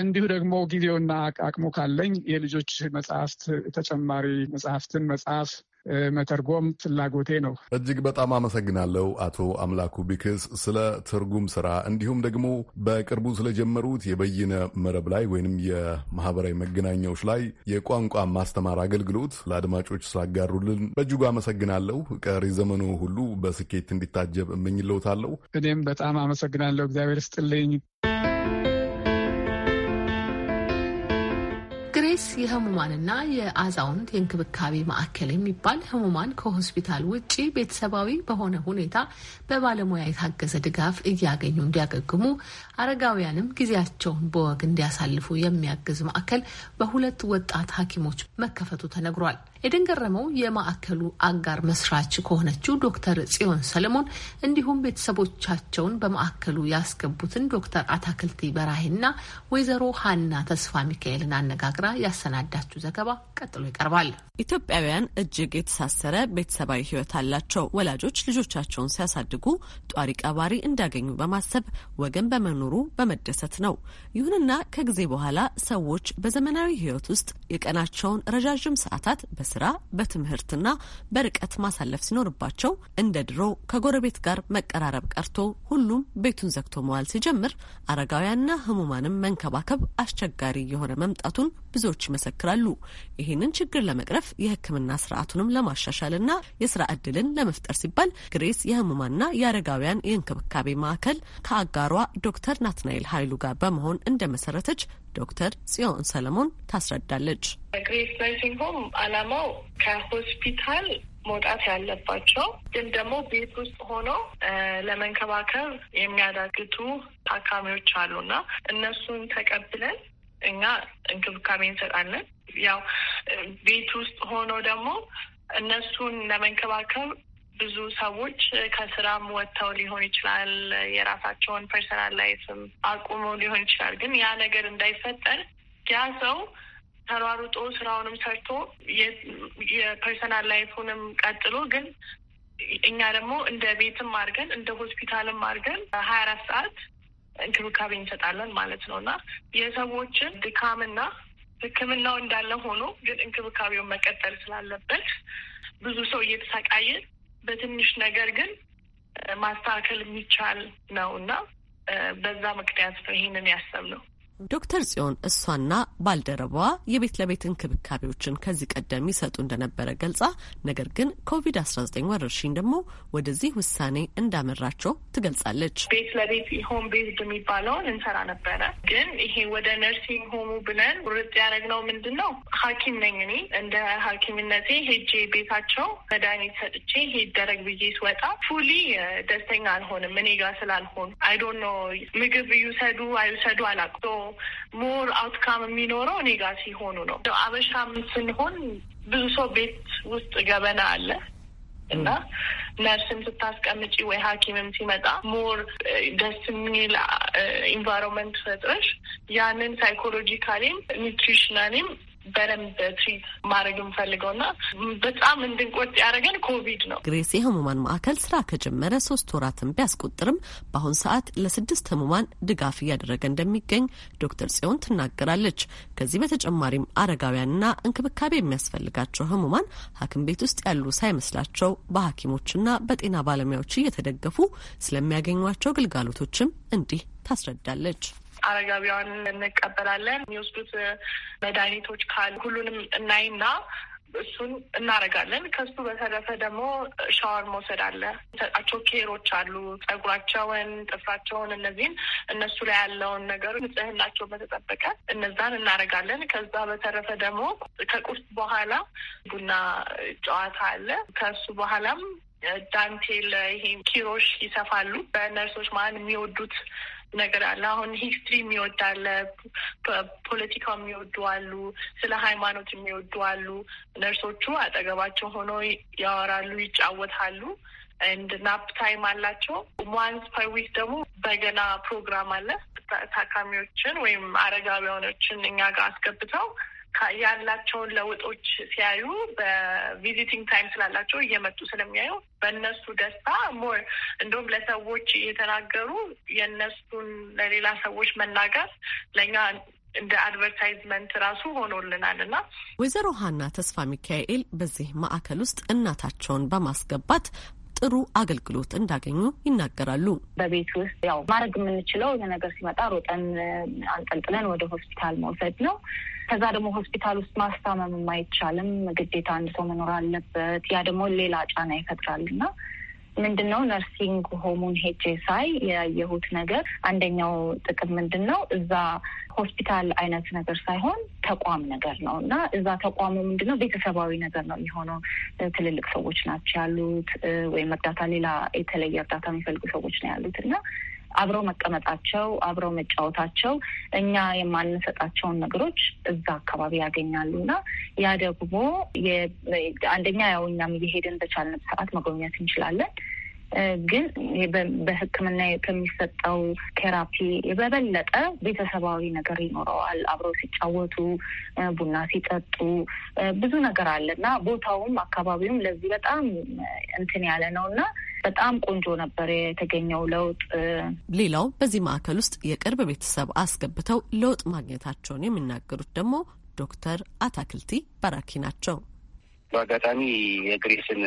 S4: እንዲሁ ደግሞ ጊዜውና አቅሙ ካለኝ የልጆች መጽሐፍት ተጨማሪ መጽሐፍትን መጽሐፍ
S8: መተርጎም ፍላጎቴ ነው። እጅግ በጣም አመሰግናለሁ አቶ አምላኩ ቢክስ ስለ ትርጉም ስራ እንዲሁም ደግሞ በቅርቡ ስለጀመሩት የበይነ መረብ ላይ ወይንም የማህበራዊ መገናኛዎች ላይ የቋንቋ ማስተማር አገልግሎት ለአድማጮች ስላጋሩልን በእጅጉ አመሰግናለሁ። ቀሪ ዘመኑ ሁሉ በስኬት እንዲታጀብ እመኝልዎታለሁ።
S4: እኔም በጣም አመሰግናለሁ። እግዚአብሔር ስጥልኝ።
S1: ግሬስ የህሙማንና የአዛውንት የእንክብካቤ ማዕከል የሚባል ህሙማን ከሆስፒታል ውጪ ቤተሰባዊ በሆነ ሁኔታ በባለሙያ የታገዘ ድጋፍ እያገኙ እንዲያገግሙ አረጋውያንም ጊዜያቸውን በወግ እንዲያሳልፉ የሚያግዝ ማዕከል በሁለት ወጣት ሐኪሞች መከፈቱ ተነግሯል። ኤደን ገረመው የማዕከሉ አጋር መስራች ከሆነችው ዶክተር ጽዮን ሰለሞን እንዲሁም ቤተሰቦቻቸውን በማዕከሉ ያስገቡትን ዶክተር አታክልቲ በራሄና ወይዘሮ ሀና ተስፋ ሚካኤልን አነጋግራ ያሰናዳችሁ ዘገባ
S7: ቀጥሎ ይቀርባል። ኢትዮጵያውያን እጅግ የተሳሰረ ቤተሰባዊ ህይወት አላቸው። ወላጆች ልጆቻቸውን ሲያሳድጉ ጧሪ ቀባሪ እንዳገኙ በማሰብ ወገን በመኖሩ በመደሰት ነው። ይሁንና ከጊዜ በኋላ ሰዎች በዘመናዊ ህይወት ውስጥ የቀናቸውን ረዣዥም ሰዓታት በስራ በትምህርትና በርቀት ማሳለፍ ሲኖርባቸው እንደ ድሮ ከጎረቤት ጋር መቀራረብ ቀርቶ ሁሉም ቤቱን ዘግቶ መዋል ሲጀምር አረጋውያንና ህሙማንም መንከባከብ አስቸጋሪ የሆነ መምጣቱን ብዙ ሌሎች ይመሰክራሉ። ይህንን ችግር ለመቅረፍ የህክምና ስርዓቱንም ለማሻሻልና የስራ እድልን ለመፍጠር ሲባል ግሬስ የህሙማንና የአረጋውያን የእንክብካቤ ማዕከል ከአጋሯ ዶክተር ናትናኤል ኃይሉ ጋር በመሆን እንደመሰረተች ዶክተር ጽዮን ሰለሞን ታስረዳለች።
S9: ግሬስ ናርሲንግ ሆም አላማው ከሆስፒታል መውጣት ያለባቸው ግን ደግሞ ቤት ውስጥ ሆኖ ለመንከባከብ የሚያዳግቱ ታካሚዎች አሉና እነሱን ተቀብለን እኛ እንክብካቤ እንሰጣለን። ያው ቤት ውስጥ ሆኖ ደግሞ እነሱን ለመንከባከብ ብዙ ሰዎች ከስራም ወጥተው ሊሆን ይችላል። የራሳቸውን ፐርሰናል ላይፍም አቁመው ሊሆን ይችላል። ግን ያ ነገር እንዳይፈጠር ያ ሰው ተሯሩጦ ስራውንም ሰርቶ የፐርሰናል ላይፉንም ቀጥሎ ግን እኛ ደግሞ እንደ ቤትም አድርገን እንደ ሆስፒታልም አድርገን ሀያ አራት ሰዓት እንክብካቤ እንሰጣለን ማለት ነው እና የሰዎችን ድካምና ሕክምናው እንዳለ ሆኖ ግን እንክብካቤውን መቀጠል ስላለበት ብዙ ሰው እየተሰቃየ በትንሽ ነገር ግን ማስተካከል የሚቻል ነው እና በዛ ምክንያት ነው ይህንን ያሰብነው።
S7: ዶክተር ጽዮን እሷና ባልደረባዋ የቤት ለቤት እንክብካቤዎችን ከዚህ ቀደም ይሰጡ እንደነበረ ገልጻ፣ ነገር ግን ኮቪድ-19 ወረርሽኝ ደግሞ ወደዚህ ውሳኔ እንዳመራቸው ትገልጻለች።
S9: ቤት ለቤት ሆም ቤዝድ የሚባለውን እንሰራ ነበረ። ግን ይሄ ወደ ነርሲንግ ሆሙ ብለን ርጥ ያደረግነው ምንድን ነው? ሐኪም ነኝ እኔ እንደ ሐኪምነቴ ሄጄ ቤታቸው መድኃኒት ሰጥቼ ሄደረግ ብዬ ስወጣ ፉሊ ደስተኛ አልሆንም እኔ ጋር ስላልሆኑ አይዶን ነው ምግብ ይውሰዱ አይውሰዱ አላቅቶ ሞር አውትካም የሚኖረው እኔ ጋር ሲሆኑ ነው። አበሻም ስንሆን ብዙ ሰው ቤት ውስጥ ገበና አለ እና ነርስም ስታስቀምጪ ወይ ሐኪምም ሲመጣ ሞር ደስ የሚል ኢንቫይሮንመንት uh, ፈጥረሽ ያንን ሳይኮሎጂካሊም ኒውትሪሽናሊም በደንብ ትሪት ማድረግ የምፈልገው ና በጣም እንድንቆጥ ያደረገን ኮቪድ ነው።
S7: ግሬስ የህሙማን ማዕከል ስራ ከጀመረ ሶስት ወራትን ቢያስቆጥርም በአሁን ሰዓት ለስድስት ህሙማን ድጋፍ እያደረገ እንደሚገኝ ዶክተር ጽዮን ትናገራለች። ከዚህ በተጨማሪም ና እንክብካቤ የሚያስፈልጋቸው ህሙማን ሐኪም ቤት ውስጥ ያሉ ሳይመስላቸው ና በጤና ባለሙያዎች እየተደገፉ ስለሚያገኟቸው ግልጋሎቶችም እንዲህ ታስረዳለች።
S9: አረጋቢዋን እንቀበላለን። የሚወስዱት መድኃኒቶች ካሉ ሁሉንም እናይና እሱን እናደርጋለን። ከሱ በተረፈ ደግሞ ሻወር መውሰድ አለ። ሰጣቸው ኬሮች አሉ። ጸጉራቸውን፣ ጥፍራቸውን እነዚህን እነሱ ላይ ያለውን ነገር ንጽህናቸው በተጠበቀ እነዛን እናደርጋለን። ከዛ በተረፈ ደግሞ ከቁርስ በኋላ ቡና ጨዋታ አለ። ከሱ በኋላም ዳንቴል ይሄ ኪሮሽ ይሰፋሉ። በነርሶች ማን የሚወዱት ነገር አለ። አሁን ሂስትሪ የሚወድ አለ፣ ፖለቲካ የሚወዱ አሉ፣ ስለ ሃይማኖት የሚወዱ አሉ። ነርሶቹ አጠገባቸው ሆኖ ያወራሉ፣ ይጫወታሉ። እንድ ናፕ ታይም አላቸው። ዋንስ ፐር ዊክ ደግሞ በገና ፕሮግራም አለ። ታካሚዎችን ወይም አረጋቢያኖችን እኛ ጋር አስገብተው ያላቸውን ለውጦች ሲያዩ በቪዚቲንግ ታይም ስላላቸው እየመጡ ስለሚያዩ በእነሱ ደስታ ሞር እንዲሁም ለሰዎች እየተናገሩ የእነሱን ለሌላ ሰዎች መናገር ለእኛ እንደ አድቨርታይዝመንት ራሱ ሆኖልናል እና
S7: ወይዘሮ ሀና ተስፋ ሚካኤል በዚህ ማዕከል ውስጥ እናታቸውን በማስገባት ጥሩ አገልግሎት እንዳገኙ ይናገራሉ። በቤት
S10: ውስጥ ያው ማድረግ የምንችለው ይህ ነገር ሲመጣ ሮጠን አንጠልጥለን ወደ ሆስፒታል መውሰድ ነው። ከዛ ደግሞ ሆስፒታል ውስጥ ማስታመም አይቻልም። ግዴታ አንድ ሰው መኖር አለበት። ያ ደግሞ ሌላ ጫና ይፈጥራል ምንድን ነው ነርሲንግ ሆሙን ሄጄ ሳይ ያየሁት ነገር አንደኛው ጥቅም ምንድን ነው እዛ ሆስፒታል አይነት ነገር ሳይሆን ተቋም ነገር ነው እና እዛ ተቋሙ ምንድን ነው ቤተሰባዊ ነገር ነው የሚሆነው። ትልልቅ ሰዎች ናቸው ያሉት፣ ወይም እርዳታ ሌላ የተለየ እርዳታ የሚፈልጉ ሰዎች ነው ያሉት እና አብረው መቀመጣቸው፣ አብረው መጫወታቸው እኛ የማንሰጣቸውን ነገሮች እዛ አካባቢ ያገኛሉ እና ያ ደግሞ አንደኛ ያው እኛም እየሄድን በቻልን ሰዓት መጎብኘት እንችላለን ግን በሕክምና ከሚሰጠው ቴራፒ በበለጠ ቤተሰባዊ ነገር ይኖረዋል። አብረው ሲጫወቱ፣ ቡና ሲጠጡ ብዙ ነገር አለ እና ቦታውም አካባቢውም ለዚህ በጣም እንትን ያለ ነው እና በጣም ቆንጆ ነበር የተገኘው ለውጥ።
S7: ሌላው በዚህ ማዕከል ውስጥ የቅርብ ቤተሰብ አስገብተው ለውጥ ማግኘታቸውን የሚናገሩት ደግሞ ዶክተር አታክልቲ ባራኪ ናቸው።
S11: በአጋጣሚ የግሬስን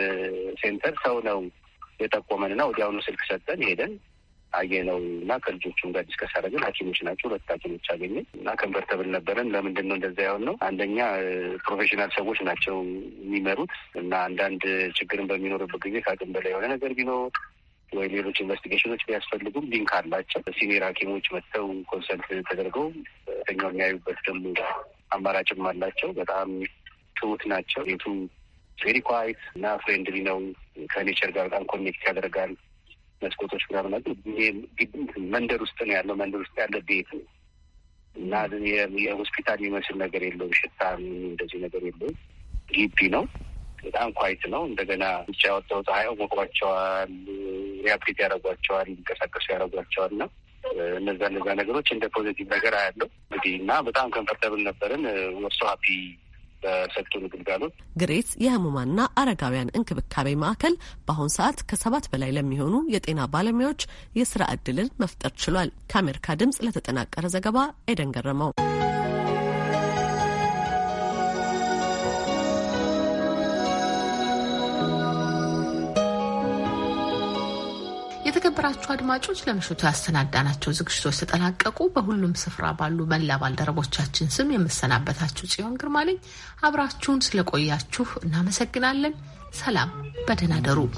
S11: ሴንተር ሰው ነው የጠቆመንና ወዲያውኑ ስልክ ሰጠን ሄደን አየነው እና ከልጆቹም ጋር ዲስከስ አደረግን። ሐኪሞች ናቸው ሁለት ሐኪሞች አገኘ እና ከንበርተብል ነበረን። ለምንድን ነው እንደዛ ያሆን ነው? አንደኛ ፕሮፌሽናል ሰዎች ናቸው የሚመሩት እና አንዳንድ ችግርን በሚኖርበት ጊዜ ከአቅም በላይ የሆነ ነገር ቢኖር ወይ ሌሎች ኢንቨስቲጌሽኖች ቢያስፈልጉም ሊንክ አላቸው። ሲኒየር ሐኪሞች መጥተው ኮንሰልት ተደርገው ተኛው የሚያዩበት ደግሞ አማራጭም አላቸው። በጣም ትሁት ናቸው። ቤቱ ቬሪ ኳይት እና ፍሬንድሊ ነው። ከኔቸር ጋር በጣም ኮኔክት ያደርጋል። መስኮቶች ምናምን አሉ። መንደር ውስጥ ነው ያለው። መንደር ውስጥ ያለ ቤት ነው እና የሆስፒታል የሚመስል ነገር የለውም። ሽታ እንደዚህ ነገር የለውም። ግቢ ነው። በጣም ኳይት ነው። እንደገና ውጭ ያወጣው ፀሐይ ሞቅሯቸዋል፣ ሪያፕሪት ያደረጓቸዋል፣ ሊንቀሳቀሱ ያደረጓቸዋል ነው እነዛ እነዛ ነገሮች እንደ ፖዚቲቭ ነገር አያለው እንግዲህ እና በጣም ከንፈርተብል ነበርን ወርሶ ሀፒ በሰጡን ግልጋሎት
S7: ግሬስ የህሙማንና አረጋውያን እንክብካቤ ማዕከል በአሁን ሰዓት ከሰባት በላይ ለሚሆኑ የጤና ባለሙያዎች የስራ እድልን መፍጠር ችሏል። ከአሜሪካ ድምጽ ለተጠናቀረ ዘገባ ኤደን ገረመው
S1: የተከበራችሁ አድማጮች ለምሽቱ ያሰናዳናቸው ዝግጅቶች ተጠናቀቁ። በሁሉም ስፍራ ባሉ መላ ባልደረቦቻችን ስም የምሰናበታችሁ ጽዮን ግርማ ነኝ። አብራችሁን ስለቆያችሁ እናመሰግናለን። ሰላም፣ በደህና ደሩ።